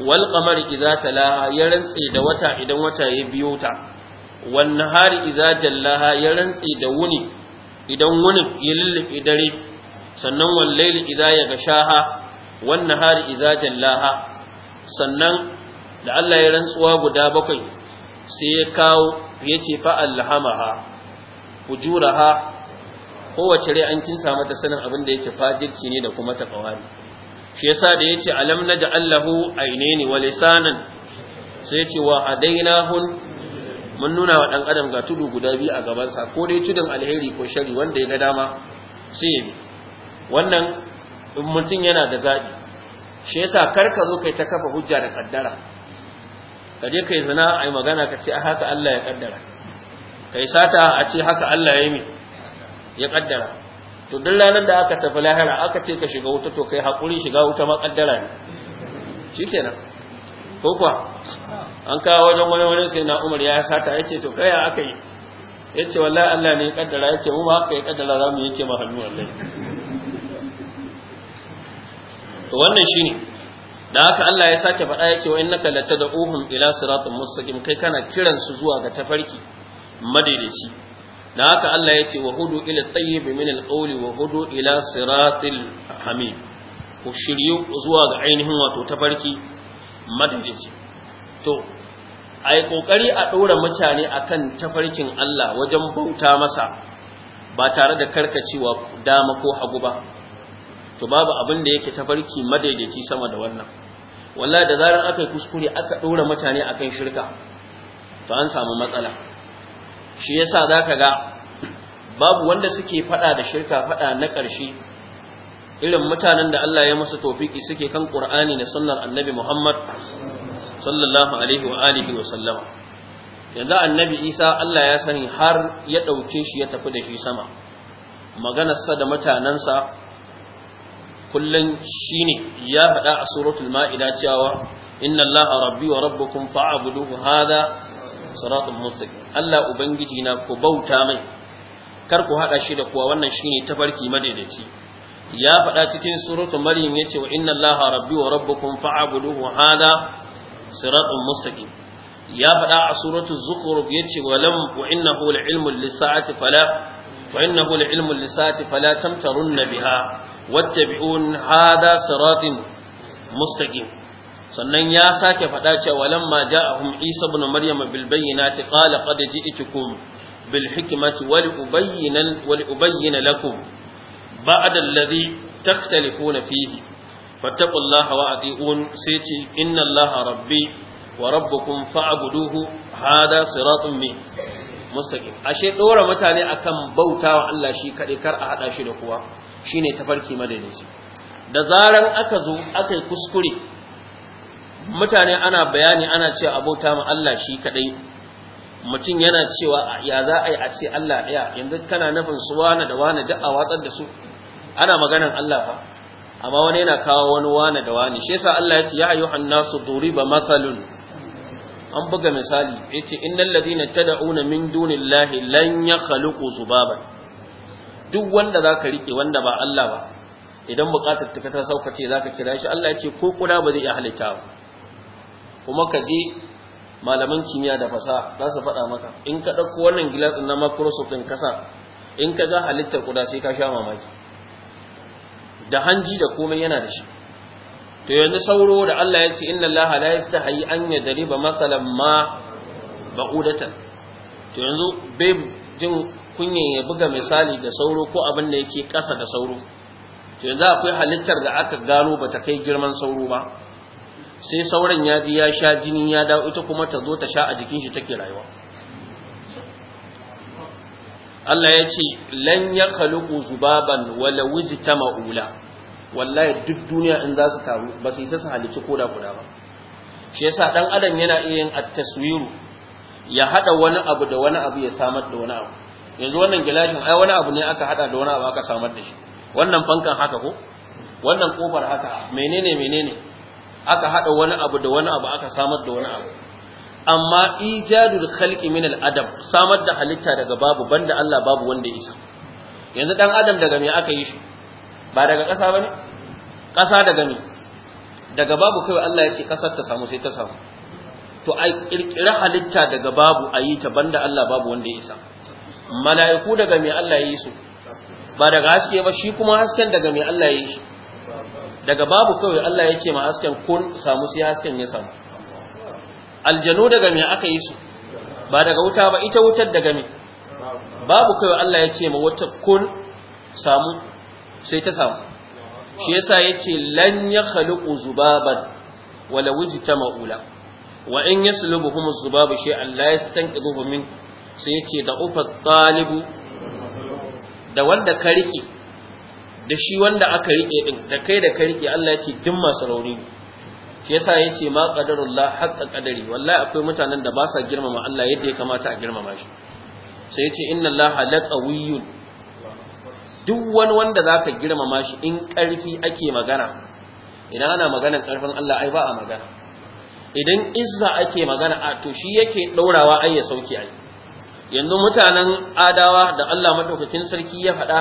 wal qamari idza talaha ya rantsi da wata idan wata ya biyo ta wan nahari idza jallaha ya rantsi da wuni idan wunin ya lullufe dare sannan wal layli idza yaghshaha wan nahari idza jallaha sannan da Allah ya rantsuwa guda bakwai sai ya kawo ya ce fa'allahamaha ujuraha kowace rai an kinsa mata sanin abin da yake fajirci ne da kuma taƙawari shi yasa da ya ce alam na ja'allahu aine ne wa lisanan sai ya ce wa adaina hun mun nuna wa ɗan adam ga tudu guda biyu a gabansa ko dai tudun alheri ko shari wanda ya ga dama sai wannan mutum yana da zaɓi shi yasa kar ka zo kai ta kafa hujja da kaddara ka je kai zina ai magana ka ce haka Allah ya kaddara kai sata a ce haka Allah ya yi ya kaddara to duk ranar da aka tafi lahira aka ce ka shiga wuta to kai hakuri shiga wuta ma kaddara ne shikenan ko kuwa an kawo wajen wani wani sai na Umar ya sata ya ce to kai ya aka yi ya ce wallahi Allah ne ya kaddara ce mu ma haka ya kaddara mu yake ma hannu wallahi to wannan shine da haka Allah ya sake faɗa yake wa innaka latad'uhum ila siratin mustaqim kai kana kiran su zuwa ga tafarki madaidaici da haka Allah ya ce wa hudu ila tayyib min al-qawli wa hudu ila siratil hamid ku shiryu zuwa ga ainihin wato tafarki madaidaici to ai kokari a ɗora mutane akan tafarkin Allah wajen bauta masa ba tare da karkacewa dama ko hagu ba to babu abin da yake tafarki madaidaici sama da wannan wallahi da zarar aka yi kuskure aka ɗora mutane akan shirka to an samu matsala shi yasa zaka ga babu wanda suke fada da shirka fada na ƙarshe irin mutanen da Allah ya musu tofiki suke kan Qur'ani da sunnar Annabi Muhammad sallallahu alaihi wa alihi wa sallama yanzu Annabi Isa Allah ya sani har ya dauke shi ya tafi da shi sama maganarsa da mutanansa shi ne ya faɗa a suratul ma'ida cewa inna allaha rabbi wa rabbukum fa'buduhu hada siratul mustaqim Allah ubangiji na ku bauta mai kar ku hada shi da kuwa wannan shine tafarki madaidaici ya faɗa cikin suratul maryam yace wa inna allaha rabbi wa rabbukum fa'buduhu hada siratul mustaqim ya faɗa a suratul zukhruf yace wa lam wa innahu la'ilmun lis-sa'ati fala wa innahu la'ilmun lis fala tamtarunna biha wattabi'un hada siratin mustaqim sannan ya sake faɗa cewa lamma ja'ahum Isa ibn Maryam bil bayyinati qala qad ji'tukum bil hikmati wal ubayyana wal ubayyana lakum ba'da alladhi takhtalifuna fihi fattaqullaha wa ati'un sai ce inna Allaha rabbi wa rabbukum fa'buduhu hada siratun min mustaqim ashe dora mutane akan bautawa Allah shi kade kar a hada shi da kuwa. shine tafarki madaidaici da zaran aka zo aka yi kuskure mutane ana bayani ana cewa abota ma Allah shi kadai mutum yana cewa ya za a yi a ce Allah ɗaya yanzu kana nufin su wane da wane duk a watsar da su ana maganar Allah fa amma wani yana kawo wani wane da wane shi yasa Allah ya ce ya ayyuhan nasu duriba masalun an buga misali yace innal ladina tad'una min dunillahi lan yakhluqu zubaban duk wanda za ka riƙe wanda ba Allah ba idan bukatar ta ta saukace ka kira shi Allah ya ce ko kuda ba zai iya halitta ba kuma ka je malaman kimiyya da fasaha za su faɗa maka in ka ɗauko wannan gilas na microsoft ɗin kasa in ka ga halittar kuda sai ka sha mamaki da hanji da komai yana da shi to yanzu sauro da Allah ya ce inna Allah la yastahi an yadriba masalan ma ba'udatan to yanzu bai jin kunyan ya buga misali da sauro ko abin da yake ƙasa da sauro to yanzu akwai halittar da aka gano ba ta kai girman sauro ba sai sauran ya ji ya sha jini ya dawo ita kuma ta zo ta sha a jikin shi take rayuwa Allah ya ce lan ya khaluqu zubaban wala wujta maula wallahi duk duniya in za su taru ba su isa su halicci koda guda ba shi yasa dan adam yana iya yin at-taswiru ya hada wani abu da wani abu ya samar da wani abu yanzu wannan gilashin ai wani abu ne aka hada da wani abu aka samar da shi wannan fankan haka ko wannan kofar haka menene menene aka hada wani abu da wani abu aka samar da wani abu amma ijadul khalqi min al adam samar da halitta daga babu banda Allah babu wanda isa yanzu dan adam daga me aka yi shi ba daga ƙasa bane ƙasa daga me daga babu kai Allah ya ce ƙasar ta samu sai ta samu to ai kirkira halitta daga babu ayi ta banda Allah babu wanda isa mala'iku daga mai Allah ya yi su ba daga haske ba shi kuma hasken daga mai Allah ya yi shi daga babu kawai Allah ya ce ma hasken kun samu sai hasken ya samu aljanu daga mai aka yi su ba daga wuta ba ita wutar daga mai babu kawai Allah ya ce ma wata kun samu sai ta samu shi yasa yace lan ya khaliqu zubaban wala wujita maula wa in yaslubuhum zubabu shay'an la yastanqidhuhu min sai yake da ufat talibu da wanda ka rike da shi wanda aka rike din da kai da ka rike Allah yake duk masu rauni shi yasa yace ma qadarullah haƙƙa qadari wallahi akwai mutanen da ba sa girmama Allah yadda ya kamata a girmama shi sai yace inna allaha laqawiyyun duk wani wanda zaka girmama shi in karfi ake magana idan ana maganar karfin Allah ai ba a magana idan izza ake magana a to shi yake daurawa ai ya sauke ai yanzu mutanen adawa da Allah madaukakin sarki ya faɗa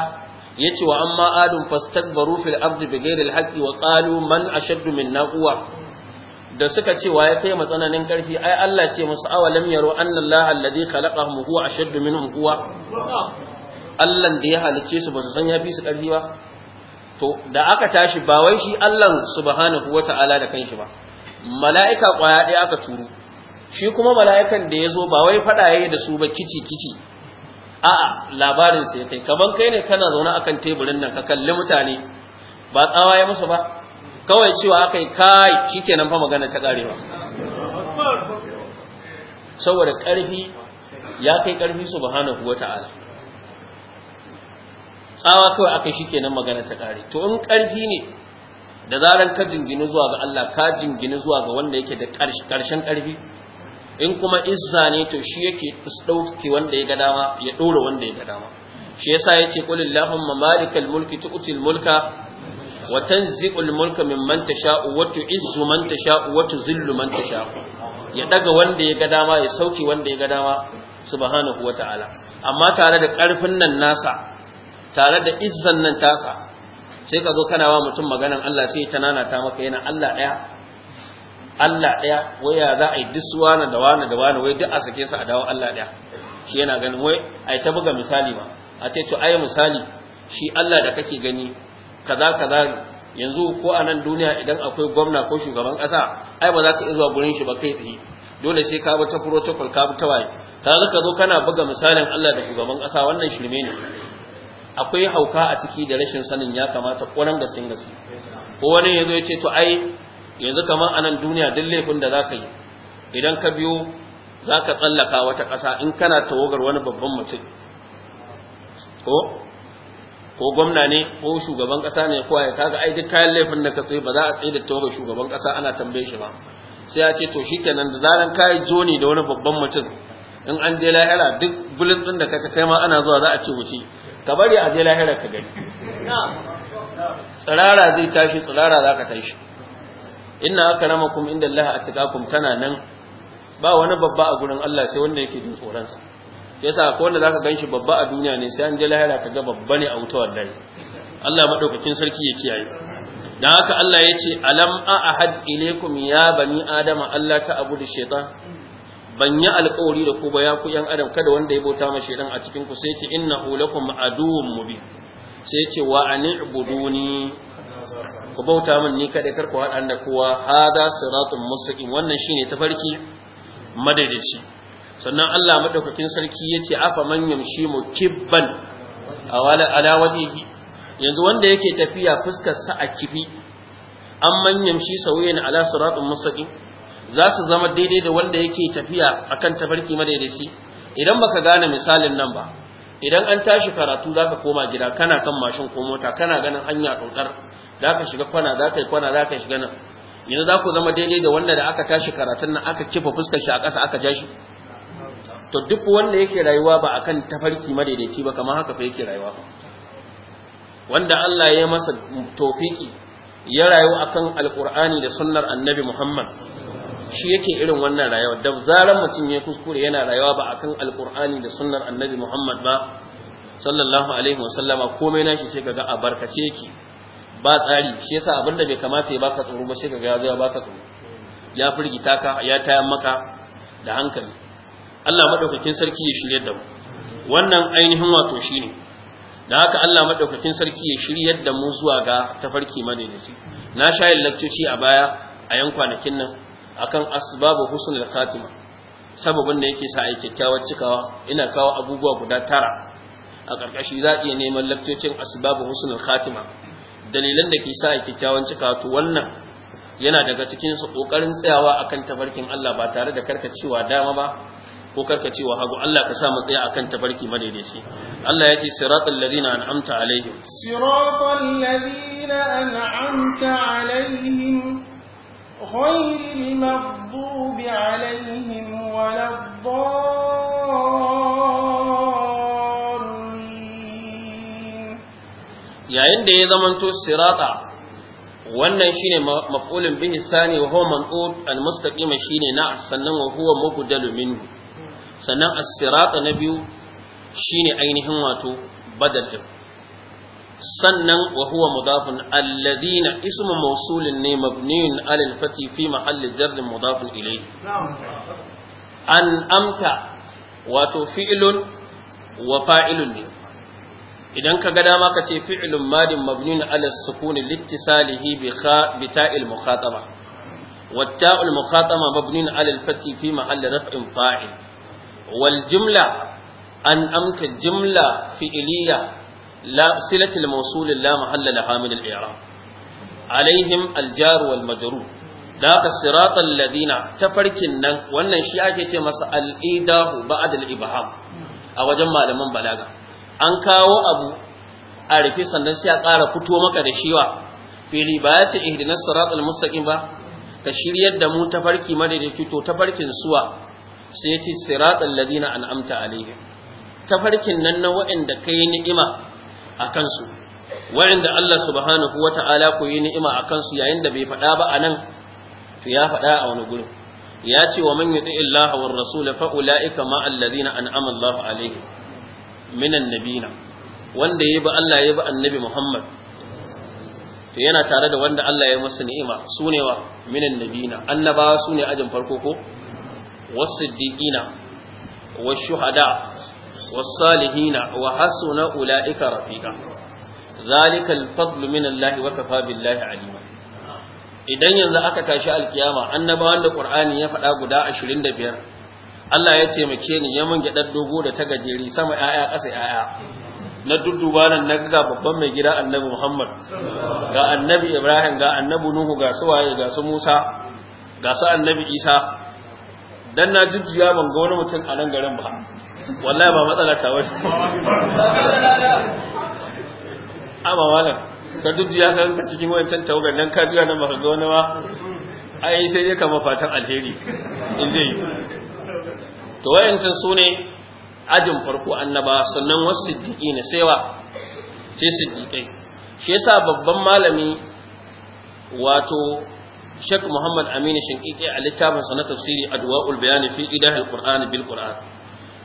ya ce wa amma adun fastakbaru fil ardi bighairil haqqi wa qalu man ashaddu minna quwwa da suka ce wa ya kai matsananin ƙarfi ai Allah ce musu awalam yaro annallaha alladhi khalaqahum huwa ashaddu minhum quwwa Allah da ya halice su ba su san ya fi su ƙarfi ba to da aka tashi ba wai shi Allah subhanahu wata'ala da kanshi ba mala'ika kwaya ɗaya aka turo shi kuma mala'ikan da ya zo ba wai faɗa yi da su ba kici kici a'a labarin sai kai kaban kai ne kana zaune akan teburin nan ka kalli mutane ba tsawa ya musu ba kawai cewa aka yi kai shi nan fa magana ta karewa saboda ƙarfi ya kai ƙarfi subhanahu ta'ala tsawa kawai ke nan magana ta kare to in ƙarfi ne da zaran ka jingini zuwa ga Allah ka jingini zuwa ga wanda yake da ƙarshen ƙarfi in kuma izza ne to shi yake dauke wanda ya ga dama ya dora wanda ya ga dama shi yasa yace qul allahumma malikal mulki tu'til mulka wa tanzi'ul mulka mimman tasha'u wa tu'izzu man tasha'u wa tuzillu man tasha'u ya daga wanda ya ga dama ya sauke wanda ya ga dama subhanahu ta'ala amma tare da karfin nan nasa tare da izzan nan tasa sai ka zo kana wa mutum maganan Allah sai ta nanata maka yana Allah daya Allah ɗaya wai ya za a yi duk wani da wani da wani wai duk a sake su a dawo Allah ɗaya shi yana ganin wai a yi ta buga misali ba a ce to ai misali shi Allah da kake gani kaza kaza yanzu ko a nan duniya idan akwai gwamna ko shugaban ƙasa ai ba za ka iya zuwa gurin shi ba kai tsaye dole sai ka bi ta protocol ka bi ta waye ta ka zo kana buga misalin Allah da shugaban ƙasa wannan shirme ne akwai hauka a ciki da rashin sanin ya kamata ƙwarar gaske gaske ko wani ya zo ya ce to ai yanzu kamar a nan duniya duk laifin da za ka yi idan ka biyo za ka tsallaka wata ƙasa in kana tawagar wani babban mutum ko gwamna ne ko shugaban ƙasa ne ko ya kaga ai duk kayan laifin da ka tsaye ba za a tsaye da tawagar shugaban ƙasa ana tambaye shi ba sai ya ce to shi shikenan da zaran ka yi joni da wani babban mutum in an je lahira duk bulin ɗin da kaka kai ma ana zuwa za a ce wuce ka bari a je lahira ka gani tsirara zai tashi tsirara za ka tashi inna akramakum a cikakum tana nan ba wani babba a gurin Allah sai wanda yake jin tsoron sa yasa ko wanda zaka ganshi babba a duniya ne sai an je lahira ga babba ne a wuta wallahi Allah madaukakin sarki ya kiyaye dan haka Allah ya ce alam a ahad ilaykum ya bani adama Allah ta abudu shaytan ban yi alƙawari da ku ba ya ku yan adam kada wanda ya bauta ma shaytan a cikin ku sai ce innahu lakum aduwwun mubin sai ce wa anibuduni ku bauta min ni kaɗai kar ku haɗa da kowa hada siratun mustaqim wannan shine tafarki madaidaici sannan Allah madaukakin sarki yace afa man yamshi mukibban awala ala wajhihi yanzu wanda yake tafiya fuskar sa a kifi an man yamshi sawiyan ala siratun mustaqim za su zama daidai da wanda yake tafiya akan tafarki madaidaici idan baka gane misalin nan ba idan an tashi karatu zaka koma gida kana kan mashin ko mota kana ganin hanya dokar za ka shiga kwana za ka yi kwana za ka shiga nan yanzu za ku zama daidai da wanda da aka tashi karatun nan aka cifa fuskar shi a ƙasa aka ja shi to duk wanda yake rayuwa ba akan tafarki madaidaici ba kamar haka fa yake rayuwa wanda Allah ya masa tofiki ya rayu akan alkur'ani da sunnar annabi Muhammad shi yake irin wannan rayuwa da zaran mutum ya kuskure yana rayuwa ba akan alkur'ani da sunnar annabi Muhammad ba sallallahu alaihi wasallama komai nashi sai kaga a barkace yake ba tsari shi yasa abin da bai kamata ya baka tsoro ba sai ka ga ya baka tsoro ya firgita ka ya taya maka da hankali Allah madaukakin sarki ya shirye da mu wannan ainihin wato shine da haka Allah madaukakin sarki ya shirye da mu zuwa ga tafarki madaidaici na shayin lakcoci a baya a yan kwanakin nan akan asbabu husnul khatima sababin da yake sa yi kyakkyawar cikawa ina kawo abubuwa guda tara a ƙarƙashi za a iya neman lakcocin asibabin husnul khatima dalilan da ke sa kyakkyawan cika to wannan yana daga cikin su kokarin tsayawa akan tabarkin Allah ba tare da karkacewa dama ba ko karkacewa hagu Allah ka sa mu tsaya akan tabarki madaidaici Allah ya ce siratal ladina an'amta alaihim siratal ladina an'amta alaihim ghayril maghdubi alaihim waladdallin yayin da ya zamanto sirata wannan shine maf'ulun bihi sani wa huwa manqut al-mustaqim shine na sannan wa huwa mubdalu minhu sannan as-sirata na biyu shine ainihin wato badal din sannan wa huwa mudafun alladhina ismu mawsulin ne mabniun alal fati fi mahalli jarr mudafun ilayhi an amta wato fi'lun wa fa'ilun ne idan ka ga dama ka ce fi'lun madin mabnin ala sukun littisalihi bi kha bi ta'il mukhatama wa ta'ul mukhatama mabnin ala al-fathi fi mahalli raf'in fa'il wal jumla an amta jumla fi'liya la silati al-mawsul la mahalla laha min al-i'rab alaihim al-jar wal majrur daka siratal ladina tafarkin nan wannan shi ake ce masa al-idahu ba'd al-ibham a wajen malaman balaga an kawo abu a rufe sannan sai a ƙara fito maka da shiwa fili ba ya ce ihdinas siratal mustaqim ba ka shiryar da mu tafarki madaidaici to tafarkin suwa sai ya ce siratal ladina an'amta alaihim tafarkin nan na waɗanda kai ni'ima a kansu waɗanda Allah subhanahu Ta'ala ku yi ni'ima a kansu yayin da bai faɗa ba a nan to ya faɗa a wani gurin ya ce wa man yuti illaha war rasul fa ulaika ma alladhina an'ama Allahu alaihim minan nabina wanda ya bi Allah ya bi annabi Muhammad to yana tare da wanda Allah ya masa ni'ima ne wa minan nabina annabawa ne ajin farko ko wasiddiqina wa wasalihina wa hasuna ulaika rafiqa zalika alfadlu min Allah wa kafa billahi alima idan yanzu aka tashi alkiyama annabawan da Qur'ani ya faɗa guda 25 Allah ya taimake ni ya mun dan dogo da ta gajeri sama ‘ya'ya ƙasa ‘ya'ya na dudduba nan na ga babban mai gida annabi Muhammad ga annabi Ibrahim ga annabi Nuhu ga su waye ga su Musa ga su annabi Isa dan na jujjuya ban ga wani mutum a nan garin ba wallahi ba matsala ta wace amma malam ka jujjuya kan cikin wancan tawagar nan ka juya nan ba ga wani ba ai sai dai ka fatan alheri in zai to wayancin su ne ajin farko annaba sannan wasu siddiƙi ne sai wa sai siddiƙai shi yasa babban malami wato Sheikh Muhammad Aminu Shinkiki a littafinsa na tafsiri Adwa'ul Bayani fi Idahil Qur'an bil Qur'an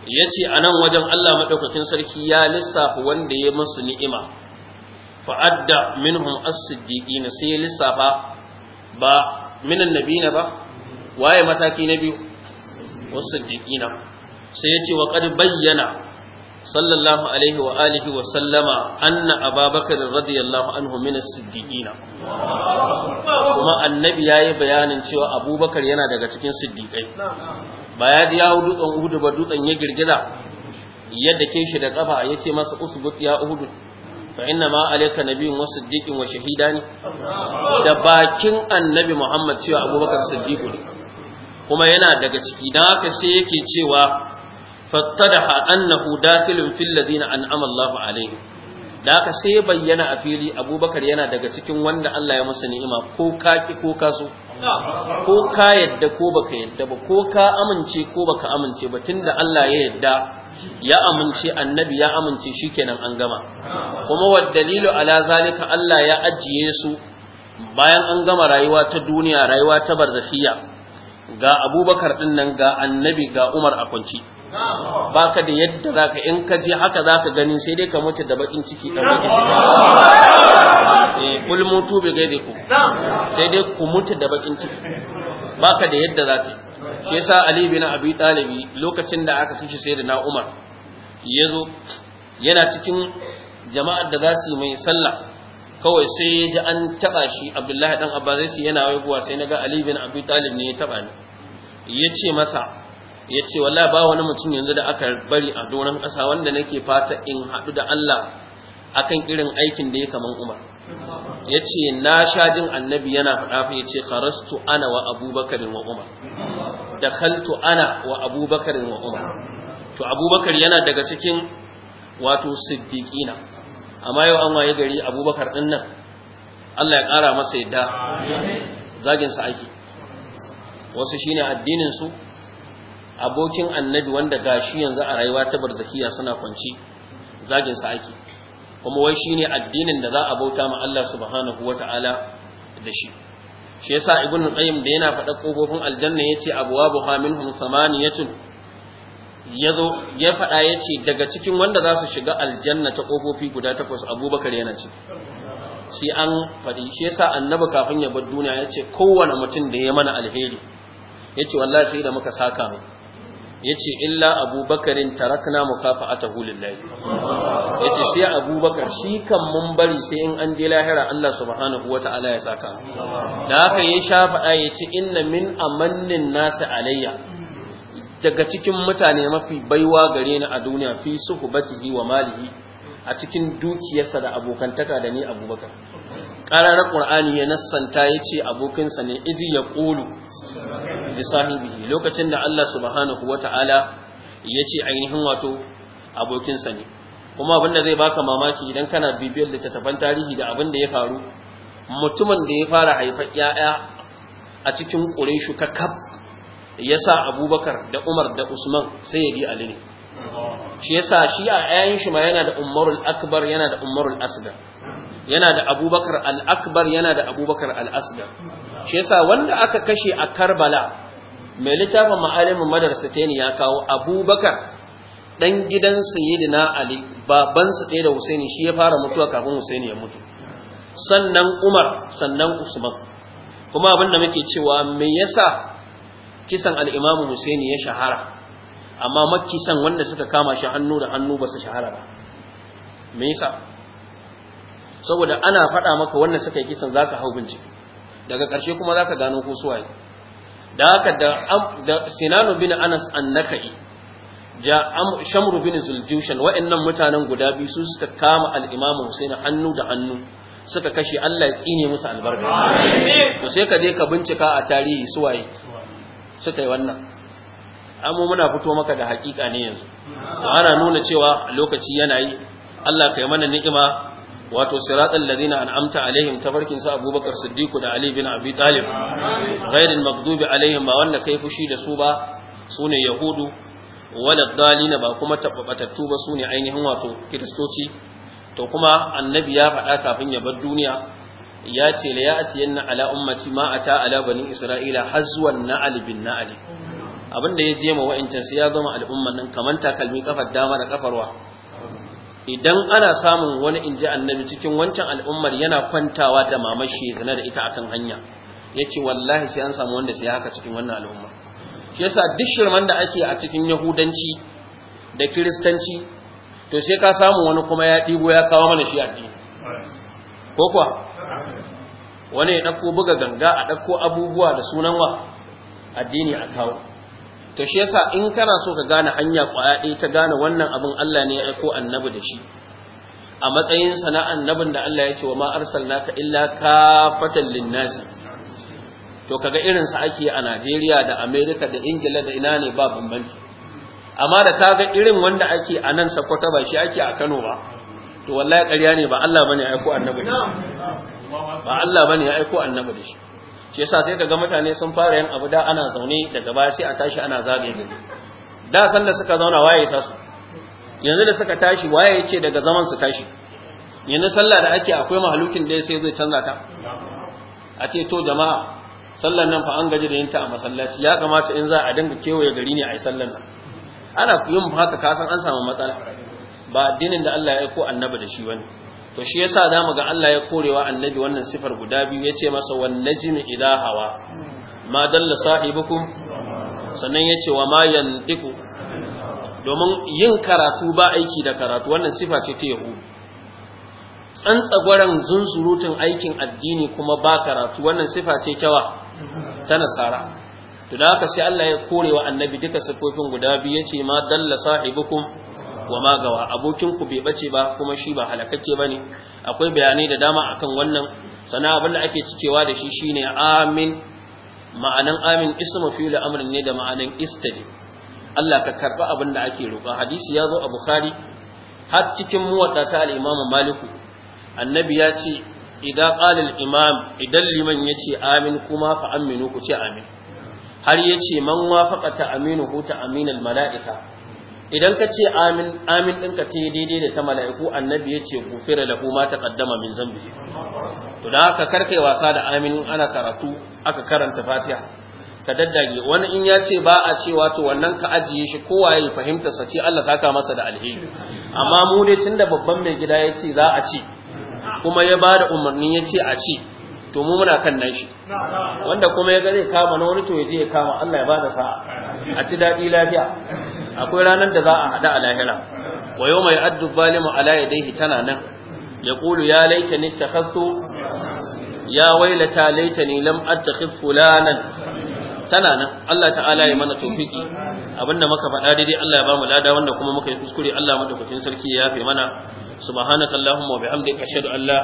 yace anan wajen Allah madaukakin sarki ya lissafa wanda ya musu ni'ima fa'adda minhum as-siddiqin sai lissafa ba minan nabina ba waye mataki na biyu والصديقين سيأتي وقد بين صلى الله عليه وآله وسلم أن أبا بكر رضي الله عنه من الصديقين وما النبي يا بيان سوى أبو بكر ينا دقا تكين صديقين bayan ya hudu ɗan uhudu ba dutsen ya girgiza yadda ke shi da ƙafa ya ce masa usbut ya uhudu fa inna ma alayka nabiyyun wa siddiqin wa shahida ne da bakin annabi muhammad cewa abubakar siddiqu ne kuma yana daga ciki da haka sai yake cewa fattadaha annahu dakhilun fil ladina an'ama Allahu alaihi da haka sai bayyana a fili abubakar yana daga cikin wanda Allah ya masa ni'ima ko ka ki ko ka so ko ka yadda ko baka yadda ba ko ka amince ko baka amince ba tunda Allah ya yadda ya amince annabi ya amince shikenan an gama kuma wa dalilu ala zalika Allah ya ajiye su bayan an gama rayuwa ta duniya rayuwa ta barzakhiya ga abubakar din nan ga annabi ga umar a kwanci baka da yadda zaka in ka je haka zaka gani sai dai ka mutu da bakin ciki dan bakin ciki eh kul mutu bi gaidikum sai dai ku mutu da bakin ciki baka da yadda zaka shi yasa ali bin abi talibi lokacin da aka kishi sai da na umar yazo yana cikin jama'ar da za su yi mai sallah kawai sai ya ji an taba shi abdullahi dan abbas yana haihuwa sai naga ali bin abi talib ne ya taba ni yace masa yace wallahi ba wani mutum yanzu da aka bari a doron kasa wanda nake fata in hadu da Allah akan irin aikin da ya kaman Umar yace na sha jin annabi yana faɗa fa yace kharastu ana wa abubakar wa umar dakhaltu ana wa abubakar wa umar to abubakar yana daga cikin wato siddiqina amma yau an waye gari abubakar ɗin nan allah ya ƙara masa yadda zaginsa ake wasu shine addinin su, abokin annabi wanda gashi yanzu a rayuwa ta barzakiya suna kwanci zaginsa ake kuma wai shine addinin da za a bauta ma Allah subhanahu wata'ala da shi shi yasa ibnu qayyim da yana faɗa kofofin aljanna yace abwabuha minhum thamaniyatun ya zo ya faɗa ya ce daga cikin wanda za su shiga aljanna ta ƙofofi guda takwas abubakar yana ciki sai an faɗi shi yasa annabi kafin ya bar duniya ya ce kowane mutum da ya mana alheri ya ce wallahi sai da muka saka mai ya ce illa abubakarin tarakna mukafa a tahulillahi ya ce sai abubakar shi kan mun bari sai in an je lahira Allah subhanahu wata'ala ya saka da haka ya sha faɗa ya ce inna min amannin nasa alayya daga cikin mutane mafi baiwa gare ni a duniya fi suhbatihi wa malihi a cikin dukiyarsa da abokantaka da ni abubakar ƙararar ƙur'ani ya nassanta ya ce abokinsa ne idi ya ƙulu da sahibi lokacin da Allah subhanahu wa ta'ala ya ce ainihin wato abokinsa ne kuma abin da zai baka mamaki idan kana bibiyar littattafan tarihi da abin da ya faru mutumin da ya fara haifar 'ya'ya a cikin ƙureshu kakaf yasa abubakar da umar da usman sai ya bi ali ne shi yasa shi a ayan shi ma yana da umarul akbar yana da umarul asgar yana da abubakar al-akbar yana da abubakar al-asgar shi yasa wanda aka kashe a karbala mai littafin ma'alimin madarasateni ya kawo abubakar dan gidan sayyidina ali baban su da husaini shi ya fara mutuwa kafin husaini ya mutu sannan umar sannan usman kuma da muke cewa me yasa kisan al'imamu Husaini ya shahara amma makisan wanda suka kama shi hannu da hannu ba su shahara ba me yasa saboda ana faɗa maka wanda suka yi kisan zaka hau bincike daga ƙarshe kuma zaka gano ko suwaye da haka da Sinanu bin Anas annaka'i ja Shamru bin Zuljushan wa'annan mutanen guda biyu su suka kama al-Imam Husaini hannu da hannu suka kashe Allah ya tsine musu albarka to sai ka je ka bincika a tarihi suwaye. suka yi wannan amma muna fito maka da hakika ne yanzu to ana nuna cewa lokaci yana yi Allah kai mana ni'ima wato siratal ladina an'amta alaihim tabarkin sa Abubakar Siddiq da Ali bin Abi Talib ghairil maghdubi alaihim ba wanda kai fushi da su ba sune yahudu wala dalina ba kuma tabbatattu ba sune ainihin wato kiristoci to kuma annabi ya faɗa kafin ya bar duniya ya ce la ya'tiyanna ala ummati ma ata ala bani isra'ila hazwan zuwan bin Abin abinda ya je ma wa'ancan sai ya gama al'umman nan kamar takalmi kafar dama da kafarwa idan ana samun wani inji annabi cikin wancan al'ummar yana kwantawa da mamashi zana da ita akan hanya yace wallahi sai an samu wanda sai haka cikin wannan al'umma shi yasa duk shirman da ake a cikin yahudanci da kiristanci to sai ka samu wani kuma ya ɗibo ya kawo mana shi addini ko kuwa wani ya ɗauko buga ganga a ɗauko abubuwa da sunan wa addini a kawo to shi yasa in kana so ka gane hanya ƙwaya ɗaya ta gane wannan abin Allah ne ya aiko annabi da shi a matsayin sana annabin da Allah ya ce wa ma naka illa ka kafatan linnasi to kaga irin sa ake a Najeriya da America da Ingila da ina ne ba bambanci amma da ta ga irin wanda ake a nan Sokoto ba shi ake a Kano ba to wallahi ƙarya ne ba Allah bane ya aiko annabi da shi ba Allah bane ya aiko annabi da shi shi yasa sai kaga mutane sun fara yin abu da ana zaune daga baya sai a tashi ana zagaye gari da san da suka zauna waye yasa su yanzu da suka tashi waye yace daga zaman su tashi yanzu sallah da ake akwai mahalukin da sai zai canza ta a ce to jama'a sallar nan fa an gaji da yinta a masallaci ya kamata in za a dinga kewaye gari ne a yi sallar nan ana yin haka kasan an samu matsala ba addinin da Allah ya aiko annabi da shi wani to shi yasa mu ga Allah ya korewa annabi wannan sifar guda biyu yace masa wan najmi ila hawa ma dalla sahibukum sannan yace wa ma yantiqu domin yin karatu ba aiki da karatu wannan sifa ce ta yahudu tsantsagwaran zunzurutun aikin addini kuma ba karatu wannan sifa ce kyawa ta nasara to da haka sai Allah ya korewa annabi duka sifofin guda biyu yace ma dalla sahibukum wa gawa abokin ku bai bace ba kuma shi ba halakakke bane akwai bayanai da dama akan wannan sana abin da ake cikewa da shi shine amin ma'anan amin ismu fi'l amrin ne da ma'anan istajib Allah ka karba abin da ake roƙa hadisi ya zo a bukhari har cikin muwatta ta al-imamu maliku annabi ya ce idan qala al-imam idan liman yace amin kuma fa aminu ku ce amin har yace man wafaqata aminu hu ta aminal mala'ika idan ka ce amin amin ɗinka ta daidai da ta mala'iku annabi ya ce gufira lahu ma ta kaddama min zambi to da aka karkai wasa da amin ana karatu aka karanta fatiha ka daddage wani in ya ce ba a cewa to wannan ka ajiye shi kowa ya fahimta sa ce Allah saka masa da alheri amma mu ne tunda babban mai gida ya ce za a ci kuma ya ba da umarni ya ce a ci to mu muna kan nan shi wanda kuma ya ga zai kama na wani to ya je ya kama Allah ya ba da sa'a a ci daɗi lafiya akwai ranar da za a hada a lahira wa yau mai addu balimu ala yadaihi tana nan ya kulu ya laita ni ta takhastu ya waila wailata laita ni lam attakhid fulanan tana nan Allah ta'ala ya mana tofiki abinda muka faɗa daidai Allah ya bamu lada wanda kuma muka yi kuskure Allah madaukakin sarki ya yafe mana subhanaka allahumma wa bihamdika ashhadu an la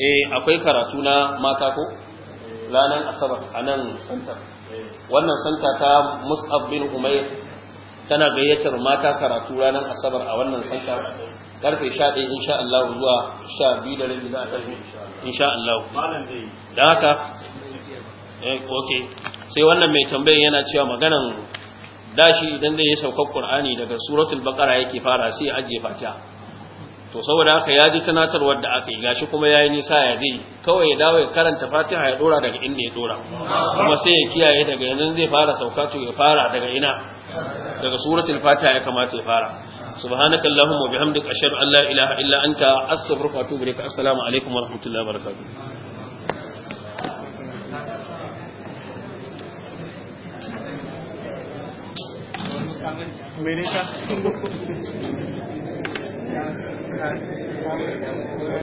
eh akwai karatu na mata ko ranar asabar a nan santa wannan santa ta mus'ab bin umair tana gayyatar mata karatu ranar asabar a wannan santa karfe 11 insha Allah zuwa 12 da rabi da a insha Allah da haka eh sai wannan mai tambayan yana cewa maganan dashi idan zai yi saukar Qur'ani daga suratul baqara yake fara sai ya ajiye fatiha to saboda haka ya ji sanatarwar da aka yi gashi kuma ya yi nisa ya zai kawai ya dawo ya karanta fatiha ya dora daga inda ya dora kuma sai ya kiyaye daga yanzu zai fara sauka to ya fara daga ina daga suratul fatiha ya kamata ya fara subhanakallahumma wa bihamdika ashhadu an la ilaha illa anta astaghfiruka wa atubu ilaik assalamu alaikum wa rahmatullahi wa barakatuh मेरे